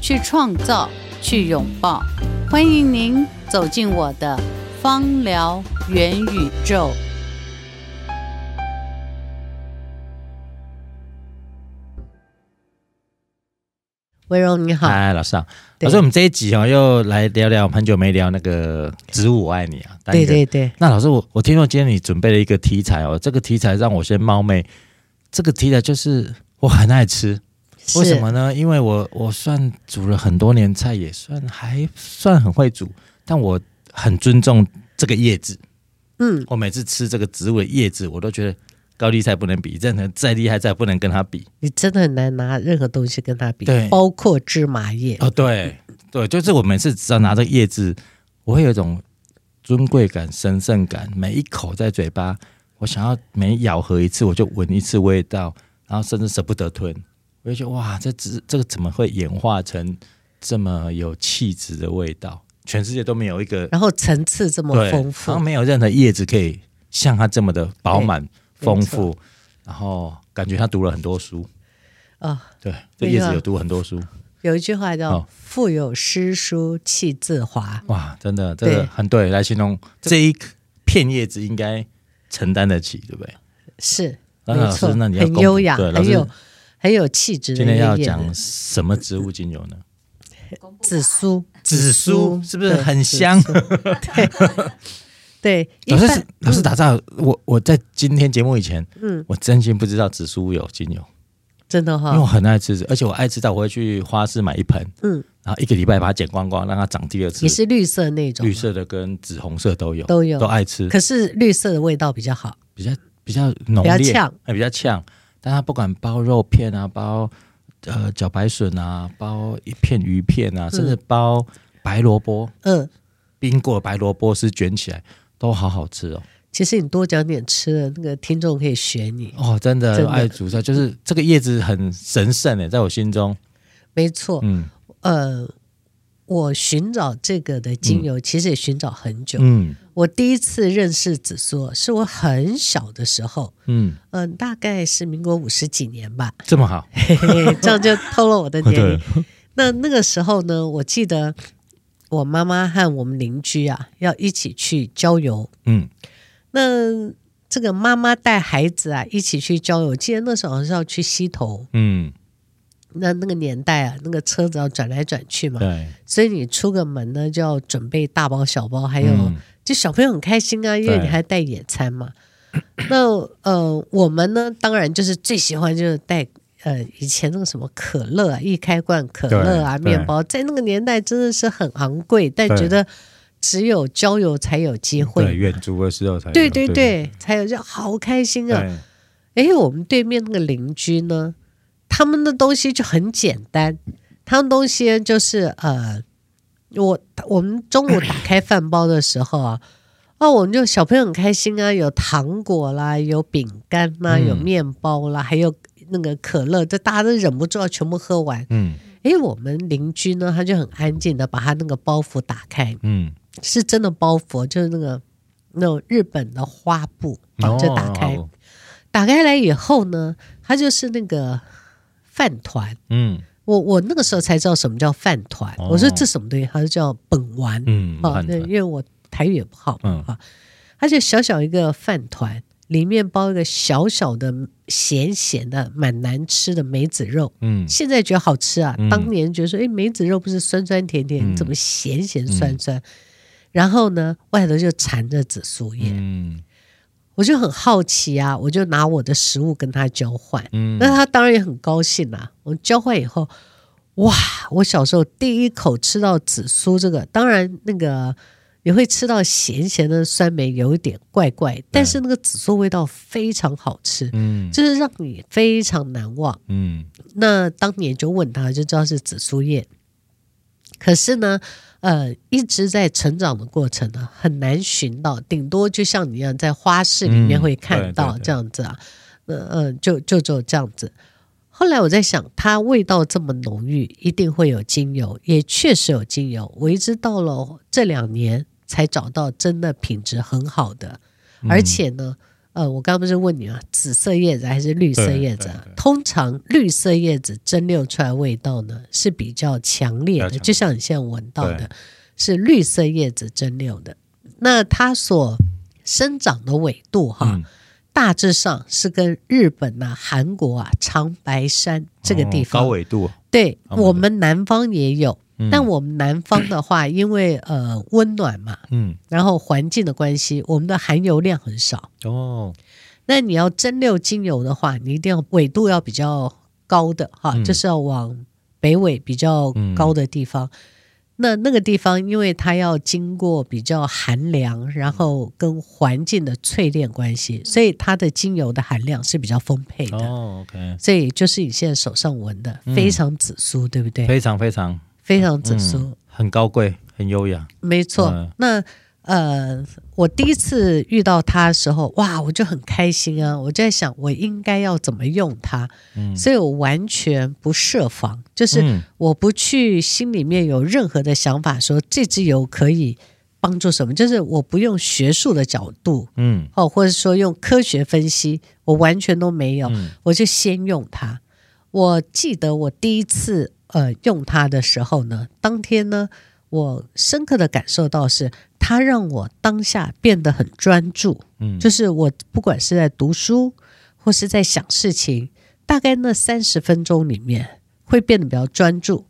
去創造，去擁抱。歡迎您走進我的芳療元宇宙。溫柔你好，哎，老師好，啊，對老師，我們這一集啊，又來聊聊很久沒聊那個植物我愛你啊。對對對，那老師，我我聽說今天你準備了一個題材哦，這個題材讓我先冒昧，這個題材就是我很愛吃。為什麼呢？因為我我算煮了很多年菜，也算還算很會煮，但我很尊重這個葉子。嗯，我每次吃這個植物的葉子，我都覺得高麗菜不能比，真的再厲害再不能跟它比。你真的很難拿任何東西跟它比，對包括芝麻葉。哦，對對，就是我每次只要拿着葉子，我會有一種尊貴感、神聖感。每一口在嘴巴，我想要每咬合一次，我就聞一次味道，然後甚至捨不得吞。就覺得哇，這隻這個怎麼會演化成這麼有氣質的味道？全世界都沒有一個，然後層次這麼豐富，沒有任何葉子可以像它這麼的飽滿豐富。然後感覺他讀了很多書啊，對，這葉子有讀很多書。有一句話叫“腹有詩書氣自華”，哇，真的，這個很對，來形容這一片葉子應該承擔得起，對不對？是，沒錯，那你要優雅，還有。很有氣質的。今天要講什麼植物精油呢？紫蘇，紫蘇是不是很香？對，老師是老師打造我。我在今天節目以前，嗯，我真心不知道紫蘇有精油，真的哈，因為我很愛吃，而且我愛吃到我會去花市買一盆，嗯，然後一個禮拜把它剪光光，讓它長第二次，也是綠色那種，綠色的跟紫紅色都有，都有都愛吃，可是綠色的味道比較好，比較比較濃烈，比較比較嗆。但他不管包肉片啊，包呃茭白筍啊，包一片魚片啊，嗯、甚至包白蘿蔔，嗯，冰過白蘿蔔絲卷起來都好好吃哦。其實你多講點吃的，那個聽眾可以選你哦。真的，真的愛煮菜，就是這個葉子很神聖誒，在我心中。沒錯，嗯，呃。我尋找這個的精油，嗯、其實也尋找很久。嗯，我第一次認識紫蘇，是我很小的時候。嗯、呃，大概是民國五十幾年吧。這麼好， 這樣就透露我的年齡。 對那那個時候呢，我記得我媽媽和我們鄰居啊，要一起去郊遊。嗯，那這個媽媽帶孩子啊一起去郊遊，記得那時候好像是要去溪頭。嗯。那那個年代啊，那個車子要轉來轉去嘛，對所以你出個門呢就要準備大包小包，還有、嗯、就小朋友很開心啊，因為你還帶野餐嘛。對那呃，我們呢，當然就是最喜歡就是帶呃以前那個什麼可樂、啊，易開罐可樂啊，麵對包，對在那個年代真的是很昂貴，但覺得只有郊遊才有機會，遠足的時候才對對對才有，就好開心啊！哎對、欸，我們對面那個鄰居呢？他們的東西就很簡單，他們東西就是呃，我我們中午打開飯包的時候啊，嗯、哦，我們就小朋友很開心啊，有糖果啦，有餅乾啦，嗯、有麵包啦，還有那個可樂，這大家都忍不住要全部喝完。嗯，哎我們鄰居呢，他就很安靜的把他那個包袱打開，嗯，是真的包袱，就是那個那種日本的花布，就打開，哦哦哦哦，打開來以後呢，他就是那個。飯團，嗯，我我那個時候才知道什麼叫飯團，哦、我說這什麼東西，它是叫本丸，嗯啊，那、哦、因為我台語也不好，啊、嗯，而且小小一個飯糰裡面包一個小小的鹹鹹的、蠻難吃的梅子肉，嗯，現在覺得好吃啊，當年覺得說，嗯、哎，梅子肉不是酸酸甜甜，怎麼鹹鹹酸酸，酸？嗯、然後呢，外頭就纏着紫蘇葉，嗯。我就很好奇啊，我就拿我的食物跟他交換，嗯，那他當然也很高興啊，我交換以後，哇，我小時候第一口吃到紫蘇這個，當然那個也會吃到鹹鹹的酸梅，有一點怪怪，但是那個紫蘇味道非常好吃，嗯，就是讓你非常難忘，嗯。那當年就問他，就知道是紫蘇葉，可是呢。呃，一直在成長的過程呢，很難尋到，頂多就像你一樣，在花市裡面會看到、嗯、對對對這樣子啊，嗯、呃、嗯，就就就這樣子。後來我在想，它味道這麼濃郁，一定會有精油，也確實有精油。我一直到了這兩年才找到真的品質很好的，而且呢。嗯呃，我剛，剛不是問你啊，紫色葉子還是綠色葉子？啊？通常綠色葉子蒸餾出來的味道呢是比較強烈的，烈的就像你現在聞到的，對是綠色葉子蒸餾的。那它所生長的緯度哈、啊，嗯、大致上是跟日本吶、啊、韓國啊、長白山這個地方、哦、高緯度，對、啊、我們南方也有。嗯、但我們南方的話，因為呃溫暖嘛，嗯，然後環境的關係，我們的含油量很少。哦，那你要蒸餾精油的話，你一定要緯度要比較高的哈，嗯、就是要往北緯比較高的地方。嗯、那那個地方，因為它要經過比較寒涼，然後跟環境的淬煉關係，所以它的精油的含量是比較豐沛的。哦，OK，所以就是你現在手上聞的、嗯、非常紫蘇，對不對？非常非常。非常成熟、嗯，很高貴，很優雅。沒錯。呃那呃，我第一次遇到它的時候，哇，我就很開心啊！我就在想，我應該要怎麼用它？嗯、所以我完全不設防，就是我不去心裡面有任何的想法，說這支油可以幫助什麼，就是我不用學術的角度，嗯、哦，或者說用科學分析，我完全都沒有，嗯、我就先用它。我記得我第一次、嗯。呃，用它的時候呢，當天呢，我深刻的感受到是它讓我當下變得很專注，嗯，就是我不管是在讀書或是在想事情，大概那三十分鐘裡面會變得比較專注。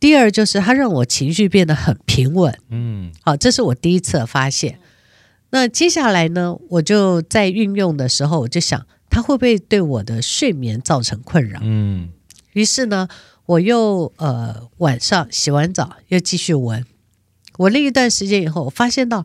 第二就是它讓我情緒變得很平穩，嗯，好，啊，這是我第一次發現。那接下來呢，我就在運用的時候，我就想它會不會對我的睡眠造成困擾，嗯，於是呢。我又呃晚上洗完澡又繼續聞，聞了一段時間以後，我發現到，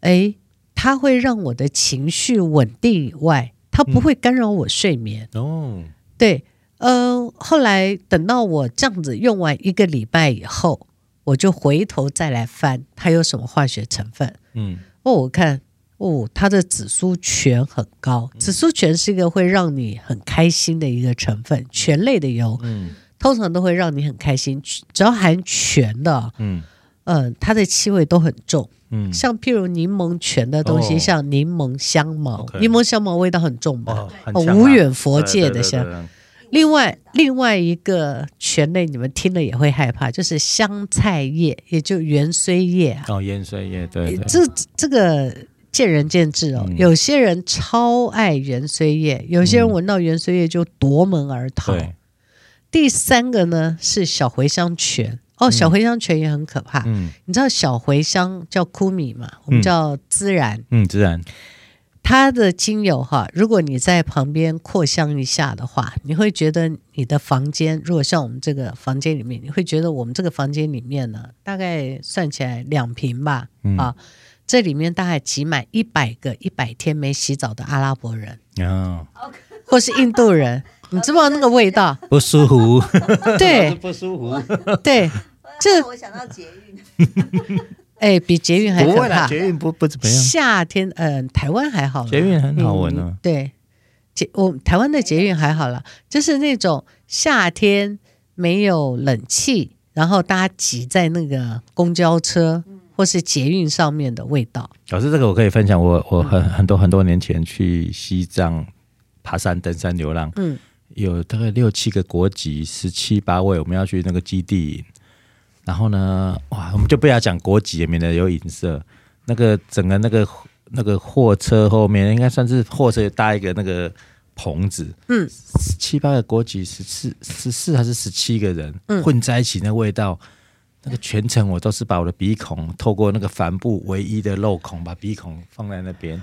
哎，它會讓我的情緒穩定以外，它不會干擾我睡眠。哦、嗯，對，嗯、呃，後來等到我這樣子用完一個禮拜以後，我就回頭再來翻它有什麼化學成分。嗯，哦，我看，哦，它的紫蘇醛很高，嗯、紫蘇醛是一個會讓你很開心的一個成分，醛類的油。嗯。.通常都會讓你很開心，只要含醛的，嗯，嗯、呃，它的氣味都很重，嗯，像譬如檸檬醛的東西，哦、像檸檬香茅，哦 okay、檸檬香茅味道很重吧？哦，很香啊，哦，無遠弗屆的香。另外，另外一個醛類你們聽了也會害怕，就是香菜葉，也就芫荽葉啊。哦，芫荽葉，對，對，這這個見仁見智哦。嗯、有些人超愛芫荽葉，有些人聞到芫荽葉就奪門而逃。嗯第三個呢是小茴香醛哦，嗯、小茴香醛也很可怕。嗯，你知道小茴香叫枯米嘛？嗯、我們叫孜然。嗯、孜、嗯、然，它的精油哈、啊，如果你在旁邊擴香一下的話，你會覺得你的房間，如果像我們這個房間裡面，你會覺得我們這個房間裡面呢，大概算起來兩瓶吧。嗯、啊，這裡面大概擠滿一百個一百天沒洗澡的阿拉伯人哦，或是印度人。 你知，不知道那個味道不舒服，對不舒服，對。讓我想到捷運，哎、 欸，比捷運還可怕。不會啦，捷運不不怎麼樣。夏天，嗯、呃，台灣還好。捷運很好聞哦、啊嗯。對，捷我台灣的捷運還好了，就是那種夏天沒有冷氣，然後大家擠在那個公交車或是捷運上面的味道。嗯、老師，這個我可以分享。我我很很多很多年前去西藏爬山、登山、流浪，嗯。有大概六七個國籍，十七八位，我們要去那個基地。然後呢，哇，我們就不要講國籍，免得有影射。那個整個那個那個貨車後面，應該算是貨車搭一個那個棚子。嗯，七八個國籍，十四十四還是十七個人、嗯、混在一起，那味道，那個全程我都是把我的鼻孔透過那個帆布唯一的漏孔，把鼻孔放在那邊。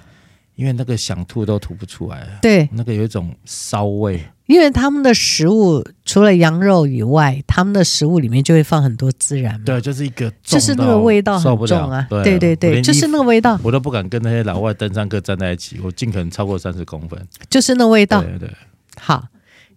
因為那個想吐都吐不出來，對，那個有一種騷味。因為他們的食物除了羊肉以外，他們的食物裡面就會放很多孜然。對，就是一個就是那個味道很重啊。對，對對對，就是那個味道，我都不敢跟那些老外登山客站在一起，我盡可能超過三十公分。就是那味道，對，對對。好，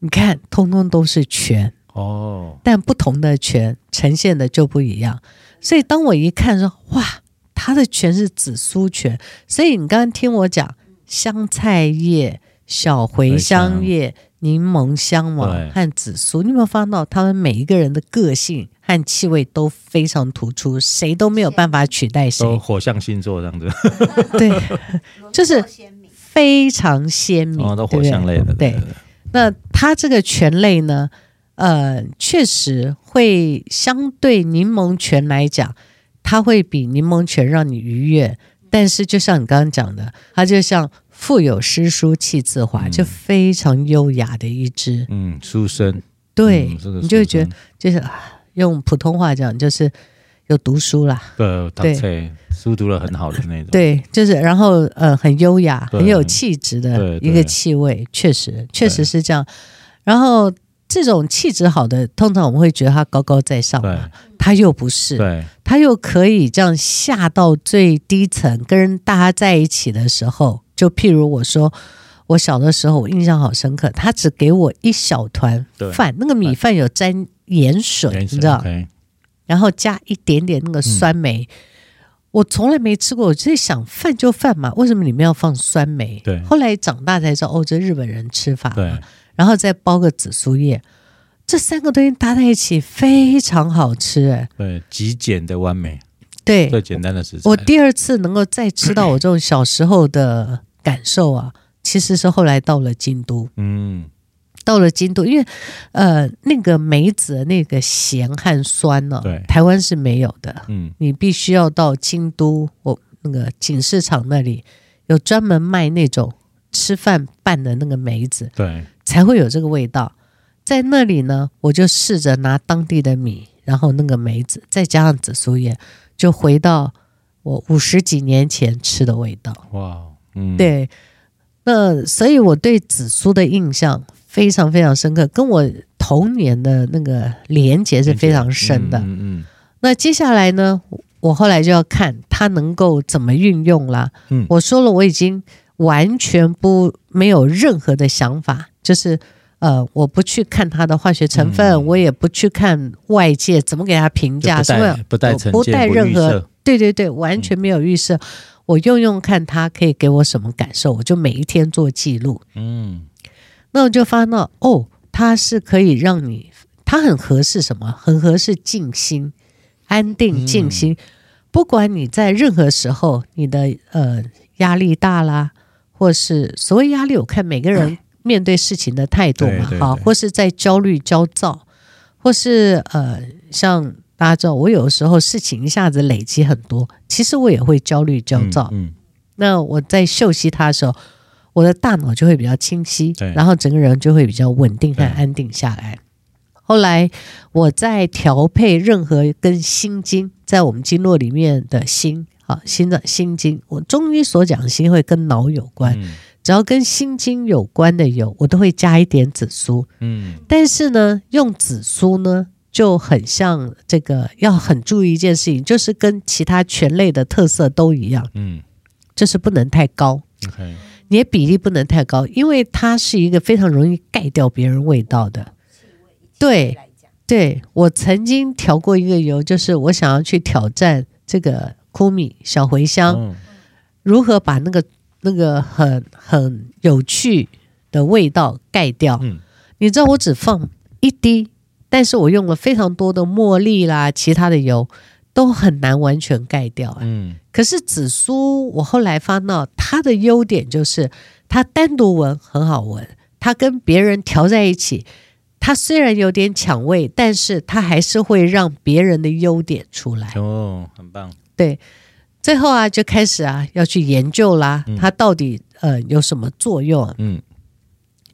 你看，通通都是醛哦，但不同的醛呈現的就不一樣。所以當我一看，說哇。它的醛是紫蘇醛，所以你剛剛聽我講香菜葉、小茴香葉、啊、檸檬香茅，和紫蘇，你有沒有發現到他們每一個人的個性和氣味都非常突出，誰都沒有辦法取代誰。火象星座這樣子， 對，就是非常鮮明，哦、都火象類的。對，對，那它這個醛類呢，呃，確實會相對檸檬醛來講。它會比檸檬泉讓你愉悅，但是就像你剛剛講的，它就像腹有詩書氣自華，嗯、就非常優雅的一支。嗯，書生。對，嗯、你就覺得就是、啊、用普通話講，就是有讀書啦。對對，書讀了很好的那種。對，就是然後呃，很優雅，很有氣質的一個氣味，確實確實是這樣。對，然後。這種氣質好的，通常我們會覺得他高高在上嘛，他對又不是，他對又可以這樣下到最低層，跟人大家在一起的時候，就譬如我說，我小的時候我印象好深刻，他只給我一小團飯，對那個米飯有沾鹽水，鹽水你知道，okay，然後加一點點那個酸梅，嗯、我從來沒吃過，我就在想飯就飯嘛，為什麼裡面要放酸梅？對，後來長大才知道，哦，這日本人吃法。對。然後再包個紫蘇葉，這三個東西搭在一起非常好吃哎。對，極簡的完美。對，最簡單的食材。我第二次能夠再吃到我這種小時候的感受啊， 其實是後來到了京都。嗯，到了京都，因為呃，那個梅子的那個鹹和酸呢、哦，對，台灣是沒有的。嗯，你必須要到京都，我那個錦市場那裡有專門賣那種吃飯拌的那個梅子。對。才會有這個味道，在那裡呢，我就試着拿當地的米，然後那個梅子，再加上紫蘇葉，就回到我五十幾年前吃的味道。哇，嗯，對，那所以我對紫蘇的印象非常非常深刻，跟我童年的那個連接是非常深的。嗯嗯。那接下來呢，我後來就要看它能夠怎麼運用了。嗯，我說了，我已經。完全不沒有任何的想法，就是呃，我不去看它的化學成分，嗯、我也不去看外界怎麼給它評價，不帶不帶任何，對對對，完全沒有預設。嗯、我用用看它可以給我什麼感受，我就每一天做記錄。嗯，那我就發現哦，它是可以讓你，它很合適什麼，很合適靜心、安定、靜心。嗯、不管你在任何時候，你的呃壓力大啦。或是所謂壓力，我看每個人面對事情的態度嘛，好、嗯啊，或是在焦慮、焦躁，或是呃，像大家知道，我有的時候事情一下子累積很多，其實我也會焦慮、焦躁。嗯，嗯那我在嗅吸他的時候，我的大腦就會比較清晰，對然後整個人就會比較穩定和安定下來。後來我在調配任何跟心經在我們經絡裡面的心。心臟心經，我中醫所講心會跟腦有關，嗯、只要跟心經有關的油，我都會加一點紫蘇。嗯，但是呢，用紫蘇呢就很像這個，要很注意一件事情，就是跟其他醛類的特色都一樣。嗯，就是不能太高，Okay 你的比例不能太高，因為它是一個非常容易蓋掉別人味道的。嗯、對，對我曾經調過一個油，就是我想要去挑戰這個。庫米小茴香，哦、如何把那個那個很很有趣的味道蓋掉？嗯、你知道我只放一滴，但是我用了非常多的茉莉啦，其他的油都很難完全蓋掉，啊。嗯，可是紫蘇我後來發現它的優點就是，它單獨聞很好聞，它跟別人調在一起，它雖然有點搶味，但是它還是會讓別人的優點出來。哦，很棒。對，最後啊，就開始啊，要去研究啦，嗯、它到底呃有什麼作用、啊？嗯，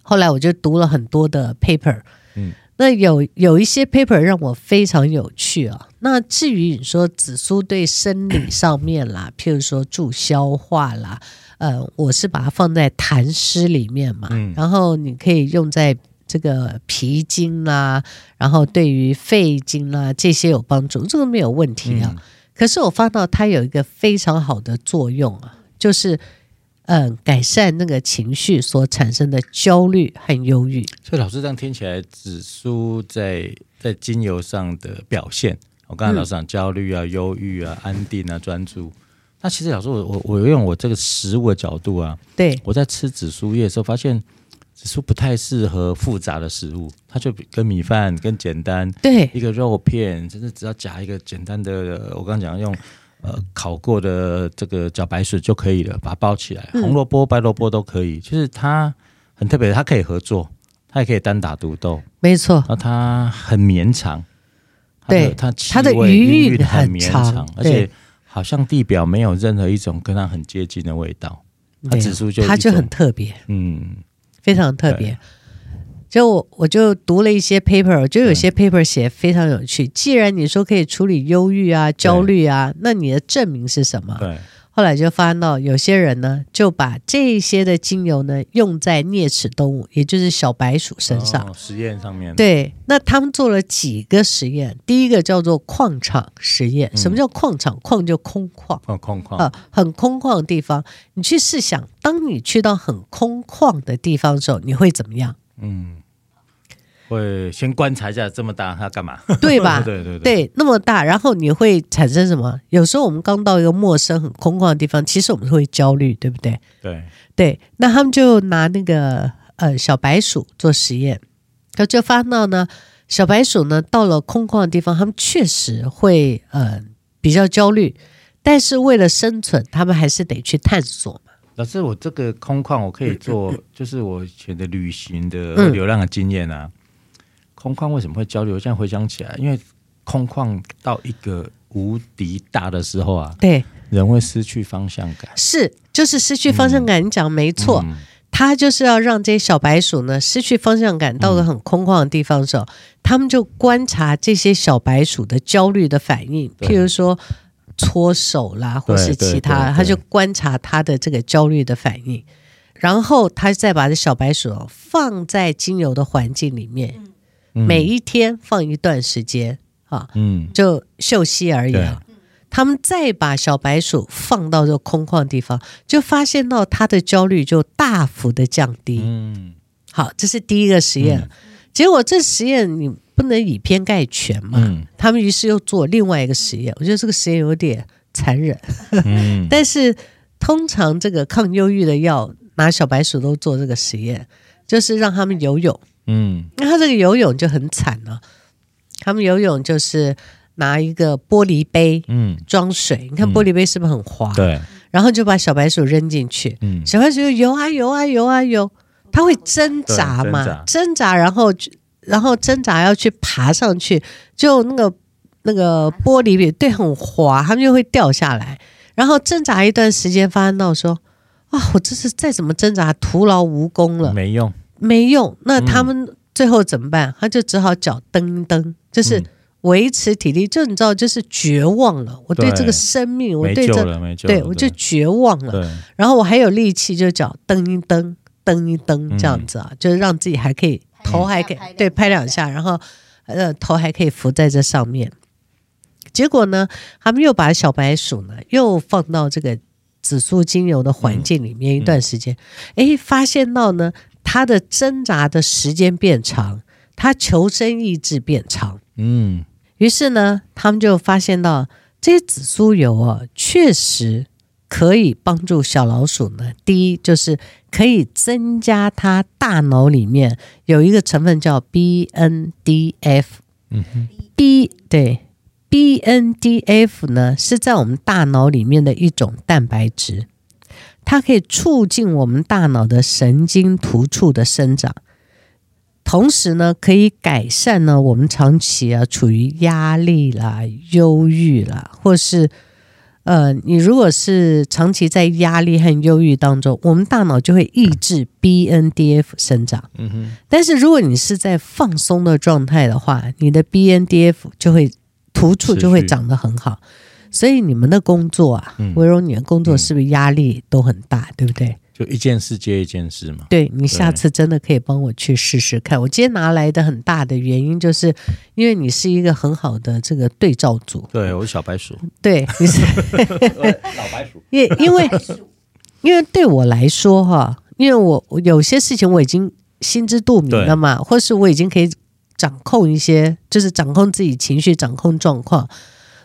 後來我就讀了很多的 paper，、嗯、那有有一些 paper 讓我非常有趣啊。那至於你說紫蘇對生理上面啦，嗯、譬如說助消化啦，呃，我是把它放在痰濕裡面嘛，嗯、然後你可以用在這個脾經啦、啊，然後對於肺經啦、啊、這些有幫助，這個沒有問題啊。嗯可是我發現到它有一個非常好的作用啊，就是、呃，嗯，改善那個情緒所產生的焦慮和憂鬱。所以老師這樣聽起來，紫蘇在在精油上的表現，我剛才老師講、嗯、焦慮啊、憂鬱啊、安定啊、專注。那其實老師我，我我我用我這個食物的角度啊，對，我在吃紫蘇葉的時候發現。紫蘇不太適合複雜的食物，它就跟米飯更簡單。對，一個肉片，甚至只要夾一個簡單的，我剛剛講用呃烤過的這個茭白筍就可以了，把它包起來，嗯、紅蘿蔔、白蘿蔔都可以。其實它很特別，它可以合作，它也可以單打獨鬥。沒錯，那它很綿長，它對它味它的餘韻很綿長，而且好像地表沒有任何一種跟它很接近的味道。對它紫蘇就它就很特別，嗯。非常特別，對就我我就讀了一些 paper，我覺得有些 paper 寫非常有趣。對既然你說可以處理憂鬱啊、焦慮啊，對那你的證明是什麼？後來就發現到有些人呢，就把這些的精油呢用在齧齒動物，也就是小白鼠身上、哦、實驗上面。對，那他們做了幾個實驗，第一個叫做曠場實驗。嗯、什麼叫曠場？曠就空曠、嗯，空曠啊、呃，很空曠的地方。你去試想，當你去到很空曠的地方的時候，你會怎麼樣？嗯。會先觀察一下這麼大它幹嘛，對吧？ 對，對對對，對，那麼大，然後你會產生什麼？有時候我們剛到一個陌生、很空曠的地方，其實我們會焦慮，對不對？對對，那他們就拿那個呃小白鼠做實驗，他就發現到呢，小白鼠呢到了空曠的地方，他們確實會、呃、比較焦慮，但是為了生存，他們還是得去探索嘛。老師，我這個空曠我可以做，嗯嗯嗯、就是我以前的旅行的流浪的經驗啊。嗯空曠為什麼會焦慮？我現在回想起來，因為空曠到一個無敵大的時候啊，對，人會失去方向感。是，就是失去方向感。嗯、你講沒錯，嗯、他就是要讓這些小白鼠呢失去方向感，到個很空曠的地方的時候，嗯、他們就觀察這些小白鼠的焦慮的反應，對譬如說搓手啦，或是其他，他就觀察他的這個焦慮的反應，然後他再把這小白鼠放在精油的環境裡面。嗯每一天放一段時間、嗯、啊，嗯，就休息而已。嗯、對啊、他們再把小白鼠放到這空曠地方，就發現到它的焦慮就大幅的降低。嗯，好，這是第一個實驗。嗯、結果這實驗你不能以偏概全嘛。嗯、他們於是又做另外一個實驗。我覺得這個實驗有點殘忍。 但是通常這個抗憂鬱的藥拿小白鼠都做這個實驗，就是讓他們游泳。嗯，那他這個游泳就很慘了，他們游泳就是拿一個玻璃杯，嗯，裝水。嗯，你看玻璃杯是不是很滑？對，嗯，然後就把小白鼠扔進去。嗯，小白鼠就游啊游啊游啊游啊游，它會掙扎嘛？掙扎，掙扎然後就然後掙扎要去爬上去，就那個那個玻璃裡，對，很滑，他們就會掉下來。然後掙扎一段時間，發現到說啊，我這是再怎麼掙扎，徒勞無功了，沒用。沒用，那他們最後怎麼辦？他就只好腳蹬一蹬，就是維持體力。就你知道，就是絕望了。我對這個生命，我對這，對我就絕望了。然後我還有力氣，就腳蹬一蹬，蹬一蹬這樣子啊，就是讓自己還可以頭還可以對拍兩下，然後呃頭還可以浮在這上面。結果呢，他們又把小白鼠呢又放到這個紫蘇精油的環境裡面一段時間，誒，發現到呢。它的掙扎的時間變長，它求生意志變長。嗯，於是呢，他們就發現到這紫蘇油啊，確實可以幫助小老鼠呢。第一，就是可以增加它大腦裡面有一個成分叫 BNDF。嗯哼，B，對，BNDF 呢，是在我們大腦裡面的一種蛋白質。它可以促進我們大腦的神經突觸的生長，同時呢，可以改善呢我們長期啊處於壓力啦、憂鬱啦，或是呃，你如果是長期在壓力和憂鬱當中，我們大腦就會抑制 BNDF 生長。嗯哼。但是如果你是在放鬆的狀態的話，你的 BNDF 就會，突觸就會長得很好。所以你們的工作啊，美容你的工作是不是壓力都很大，嗯、對不對？就一件事接一件事嘛。對，你下次真的可以幫我去試試看。對我今天拿來的很大的原因就是，因為你是一個很好的這個對照組。對，我是小白鼠。對，你是 為老白鼠。因因為，因為對我來說哈，因為我有些事情我已經心知肚明了嘛，對或是我已經可以掌控一些，就是掌控自己情緒，掌控狀況。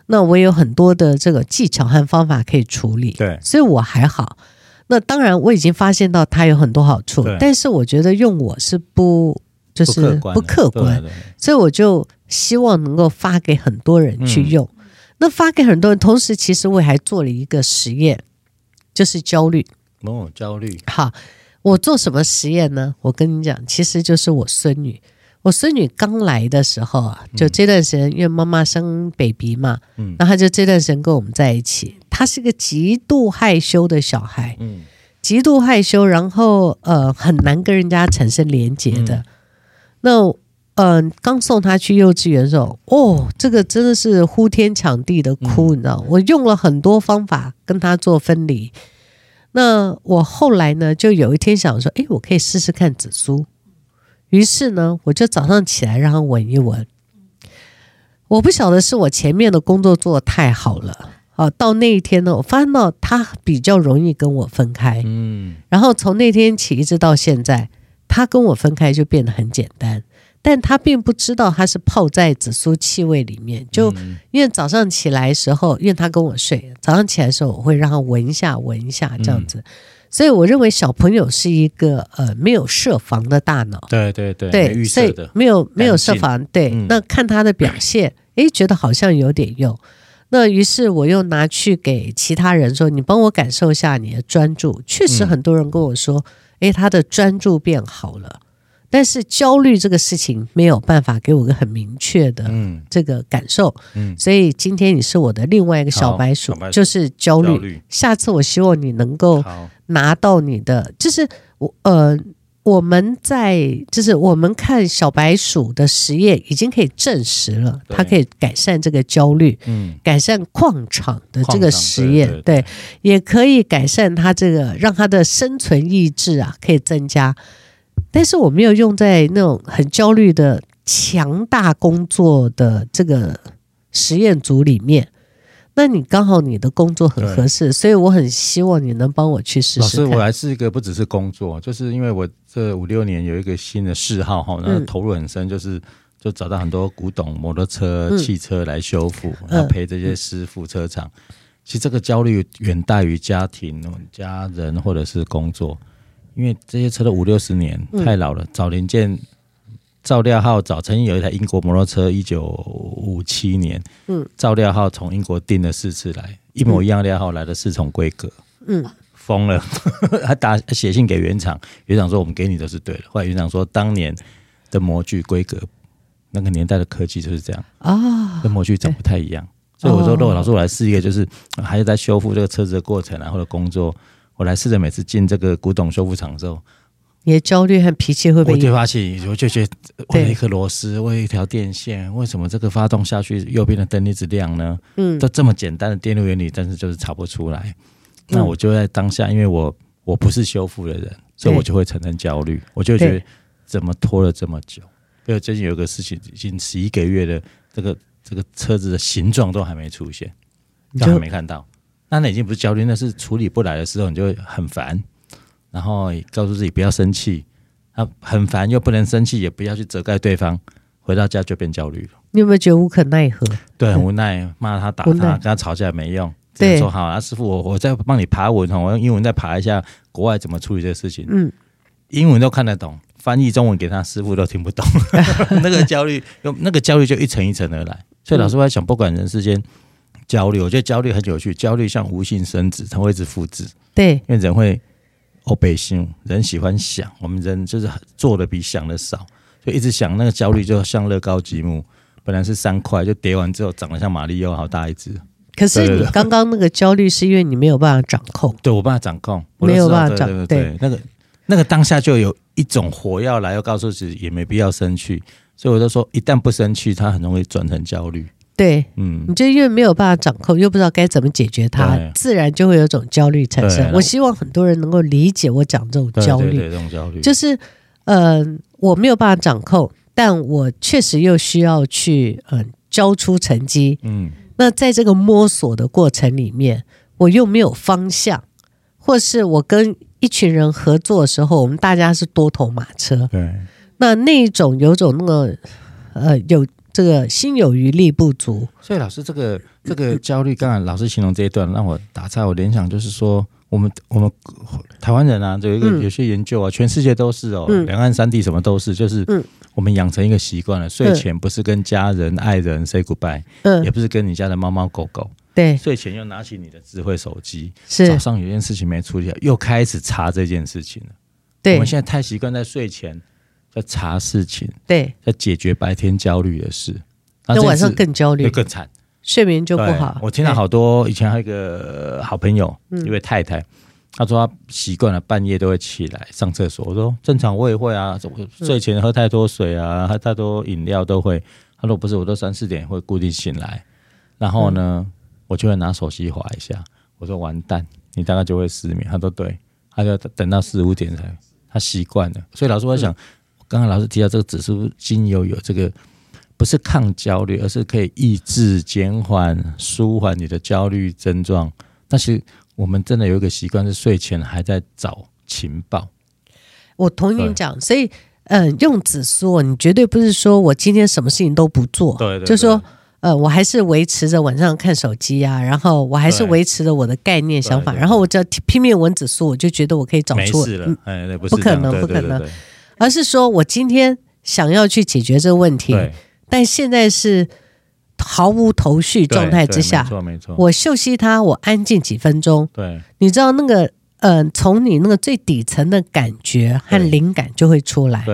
那我有很多的這個技巧和方法可以處理，對，所以我還好。那當然，我已經發現到它有很多好處，對。但是我覺得用我是不就是不客觀，客觀的，對對對，所以我就希望能夠發給很多人去用。嗯，那發給很多人，同時其實我也還做了一個實驗，就是焦慮，哦，焦慮。好，我做什麼實驗呢？我跟你講，其實就是我孫女。我孫女剛來的時候啊，就這段時間，因為媽媽生 baby 嘛，嗯、然後她就這段時間跟我們在一起。她是個極度害羞的小孩，嗯、極度害羞，然後呃很難跟人家產生連接的。嗯，那嗯、呃，剛送她去幼稚園的時候，哦，這個真的是呼天搶地的哭，嗯、你知道，我用了很多方法跟她做分離。那我後來呢，就有一天想說，哎，我可以試試看紫蘇。於是呢，我就早上起來讓他聞一聞。我不曉得是我前面的工作做得太好了，啊，到那一天呢，我發現到他比較容易跟我分開。嗯，然後從那天起一直到現在，他跟我分開就變得很簡單。但他並不知道他是泡在紫蘇氣味裡面，就因為早上起來的時候，因為他跟我睡，早上起來的時候我會讓他聞一下，聞一下這樣子。嗯所以我認為小朋友是一個呃沒有設防的大腦，對對對，對，預設的，所以沒有沒有設防，進對，那看他的表現，誒、嗯欸，覺得好像有點用，那於是我又拿去給其他人說，你幫我感受一下你的專注，確實很多人跟我說，誒、嗯欸，他的專注變好了。但是焦慮這個事情沒有辦法給我個很明確的這個感受，嗯，所以今天你是我的另外一個小白鼠，好就是焦慮。焦慮下次我希望你能夠拿到你的，好就是我呃，我們在就是我們看小白鼠的實驗已經可以證實了，對它可以改善這個焦慮，嗯，改善曠場的這個實驗，對，對，對，對，對，也可以改善它這個讓它的生存意志啊可以增加。但是我沒有用在那種很焦慮的強大工作的這個實驗組裡面。那你剛好你的工作很合適，對所以我很希望你能幫我去試試。老師，我還是一個不只是工作，就是因為我這五六年有一個新的嗜好哈，那、嗯、投入很深，就是就找到很多古董、摩托車、汽車來修復，嗯、然後陪這些師傅車、車廠、嗯。其實這個焦慮遠大於家庭、家人或者是工作。因為這些車都五六十年，太老了。嗯、早年間，造料號早曾經有一台英國摩托車，一九五七年。嗯，造料號從英國訂了四次來，一模一樣料號來的四重規格。嗯，瘋了，他打寫信給原廠，原廠說我們給你的是對的。後來原廠說，當年的模具規格，那個年代的科技就是這樣啊，哦、跟模具廠不太一樣。哎、所以我說，如果老師，我來試一個，就是、哦、還是在修復這個車子的過程啊，或者工作。我來試着每次進這個古董修復廠的時候，你的焦慮和脾氣會不會被激發起，我就覺得，我有一顆螺絲，對我有一條電線，為什麼這個發動下去，右邊的燈一直亮呢？嗯，都這麼簡單的電路原理，但是就是查不出來。嗯、那我就在當下，因為我我不是修復的人，嗯、所以我就會產生焦慮。對我就覺得怎麼拖了這麼久？對因為最近有個事情，已經十一個月了，這個這個車子的形狀都還沒出現，就都還沒看到。啊、那已經不是焦慮，那是處理不來的時候，你就很煩，然後告訴自己不要生氣，他、啊、很煩又不能生氣，也不要去責怪對方，回到家就變焦慮了。你有沒有覺得無可奈何？對，很無奈，罵他打他，奈跟他吵架也沒用，對只能說好啊，師傅，我我再幫你爬文，我用英文再爬一下國外怎麼處理這個事情，嗯，英文都看得懂，翻譯中文給他，師傅都聽不懂， 那個焦慮，用 那個焦慮就一層一層而來，所以老師我想，不管人世間。嗯焦慮，我覺得焦慮很有趣。焦慮像無性生殖，它會一直複製。對，因為人會歐北心，人喜歡想，我們人就是做的比想的少，就一直想，那個焦慮就像樂高積木，本來是三塊，就疊完之後長得像瑪利歐好大一隻。可是你剛剛那個焦慮是因為你沒有辦法掌控。對，我無法掌控，沒有辦法掌控。對，那個那個當下就有一種火要來，要告訴自己也沒必要生氣，所以我就說，一旦不生氣，它很容易轉成焦慮。對，嗯，你就因為沒有辦法掌控，又不知道該怎麼解決它，對自然就會有種焦慮產生。對我希望很多人能夠理解我講這種焦慮，對對對，這種焦慮。就是，嗯、呃，我沒有辦法掌控，但我確實又需要去，嗯、呃，交出成績。嗯，那在這個摸索的過程裡面，我又沒有方向，或是我跟一群人合作的時候，我們大家是多頭馬車，對，那那種有種那個呃，有。這個心有餘力不足。所以老師這個這個焦慮，剛剛老師形容這一段，讓我打岔，我聯想就是說，我們我們台灣人啊，有一個有些研究啊，嗯、全世界都是哦，嗯、兩岸三地什麼都是，就是我們養成一個習慣了。嗯、睡前不是跟家人、愛人 say goodbye，嗯、也不是跟你家的貓貓狗狗，嗯、對，睡前又拿起你的智慧手機，是，早上有件事情沒處理，又開始查這件事情了。對，我們現在太習慣在睡前。在查事情，對，在解決白天焦慮的事，那晚上更焦慮，更慘，睡眠就不好。我聽到好多，對以前還有一個好朋友，嗯、一位太太，他說他習慣了、嗯、半夜都會起來上廁所。我說正常我也會啊，嗯、睡前喝太多水啊，喝太多飲料都會。他說不是，我都三四點會固定醒來，然後呢，嗯、我就會拿手機滑一下。我說完蛋，你大概就會失眠。他說對，他就等到四五點才，他習慣了，所以老師我想。嗯剛剛老師提到，這個紫蘇精油有這個不是抗焦慮，而是可以抑制、減緩、舒緩你的焦慮症狀。但是我們真的有一個習慣是睡前還在找情報。我同意你講，對所以嗯、呃，用紫蘇你絕對不是說我今天什麼事情都不做，對對對就說呃，我還是維持着晚上看手機啊，然後我還是維持着我的概念想法，對對對對，然後我只要拼命聞紫蘇，我就覺得我可以找出，沒事了，哎，不是，不可能，不可能。對對對對而是說我今天想要去解決這個問題，對但現在是毫無頭緒狀態之下，我嗅吸它，我安靜幾分鐘，對你知道那個，嗯、呃，從你那個最底層的感覺和靈感就會出來，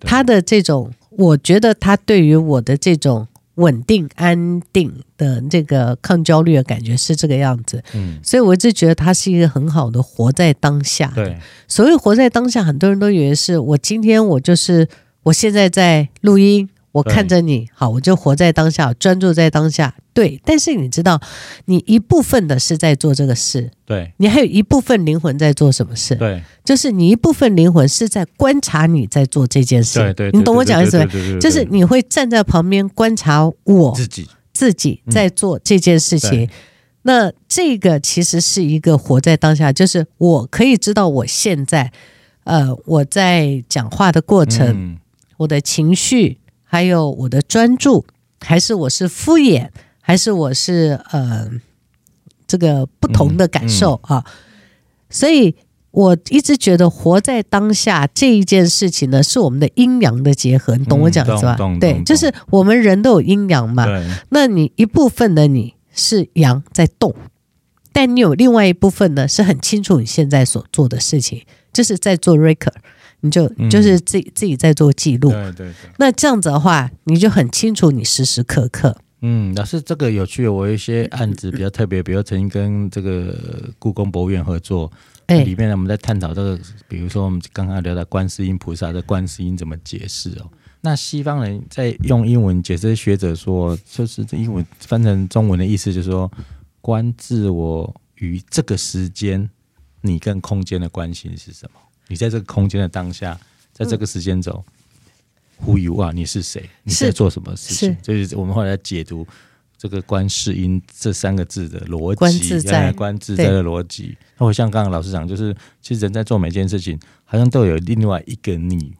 它他的這種，我覺得他對於我的這種。穩定、安定的這個抗焦慮的感覺是這個樣子，嗯，所以我一直覺得它是一個很好的活在當下的對所謂活在當下，很多人都以為是我今天，我就是我現在在錄音。我看着你，好，我就活在當下，專注在當下。對，但是你知道，你一部分的是在做這個事，對，你還有一部分靈魂在做什麼事？對，就是你一部分靈魂是在觀察你在做這件事。對，對，你懂我講的意思嗎？就是你會站在旁邊觀察我自己自己在做這件事情。嗯、那這個其實是一個活在當下，就是我可以知道我現在，呃，我在講話的過程，嗯、我的情緒。還有我的專注，還是我是敷衍，還是我是呃這個不同的感受啊？嗯嗯、所以我一直覺得活在當下這一件事情呢，是我們的陰陽的結合，你懂我講的是吧？嗯、對，就是我們人都有陰陽嘛。對那你一部分的你是陽在動，但你有另外一部分呢，是很清楚你現在所做的事情，就是在做 record。你就，就是自己，嗯、自己在做記錄，對對對。那這樣子的話，你就很清楚你時時刻刻。嗯，老師這個有趣。我有一些案子比較特別，比如曾經跟這個故宮博物院合作，哎、欸，裡面呢，我們在探討這個，比如說我們剛剛聊到觀世音菩薩的觀世音怎麼解釋哦。那西方人在用英文解釋，學者說，就是這英文翻成中文的意思，就是說觀自我與這個時間，你跟空間的關係是什麼？你在這個空間的當下，在這個時間軸，Who you are, 你是誰？是你在做什麼事情？就是所以我們後來解讀這個“觀世音”這三個字的邏輯，觀自在、觀自在的邏輯。那我對像剛剛老師講，就是其實人在做每件事情，好像都有另外一個你，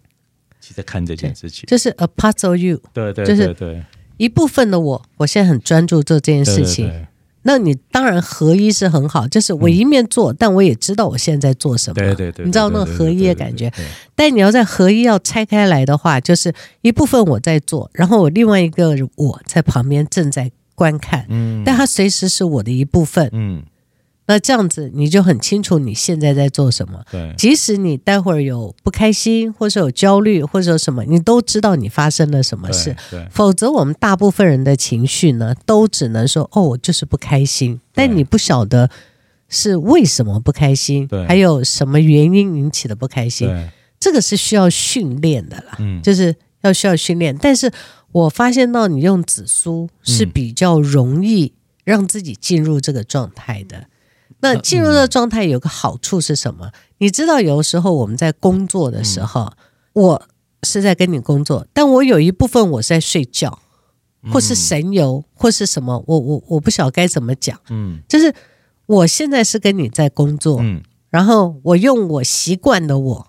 其實在看這件事情，就是 a part of you。對，對對，對對一部分的我，我現在很專注做這件事情。對對對那你當然合一是很好，就是我一面做，但我也知道我現在在做什麼，對對對。你知道那個合一的感覺。但你要在合一要拆開來的話，就是一部分我在做，然後我另外一個我在旁邊正在觀看，但它隨時是我的一部分。那這樣子你就很清楚你現在在做什麼。對即使你待會兒有不開心，或者有焦慮，或者什麼，你都知道你發生了什麼事。否則，我們大部分人的情緒呢，都只能說：“哦，我就是不開心。”但你不曉得是為什麼不開心，對還有什麼原因引起的不開心。對這個是需要訓練的啦。嗯。就是要需要訓練，但是我發現到你用紫蘇是比較容易讓自己進入這個狀態的。嗯那進入的狀態有個好處是什麼？嗯、你知道，有時候我們在工作的時候，嗯、我是在跟你工作，但我有一部分我在睡覺，或是神遊，或是什麼，我我我不曉得該怎麼講。嗯，就是我現在是跟你在工作，嗯，然後我用我習慣的我，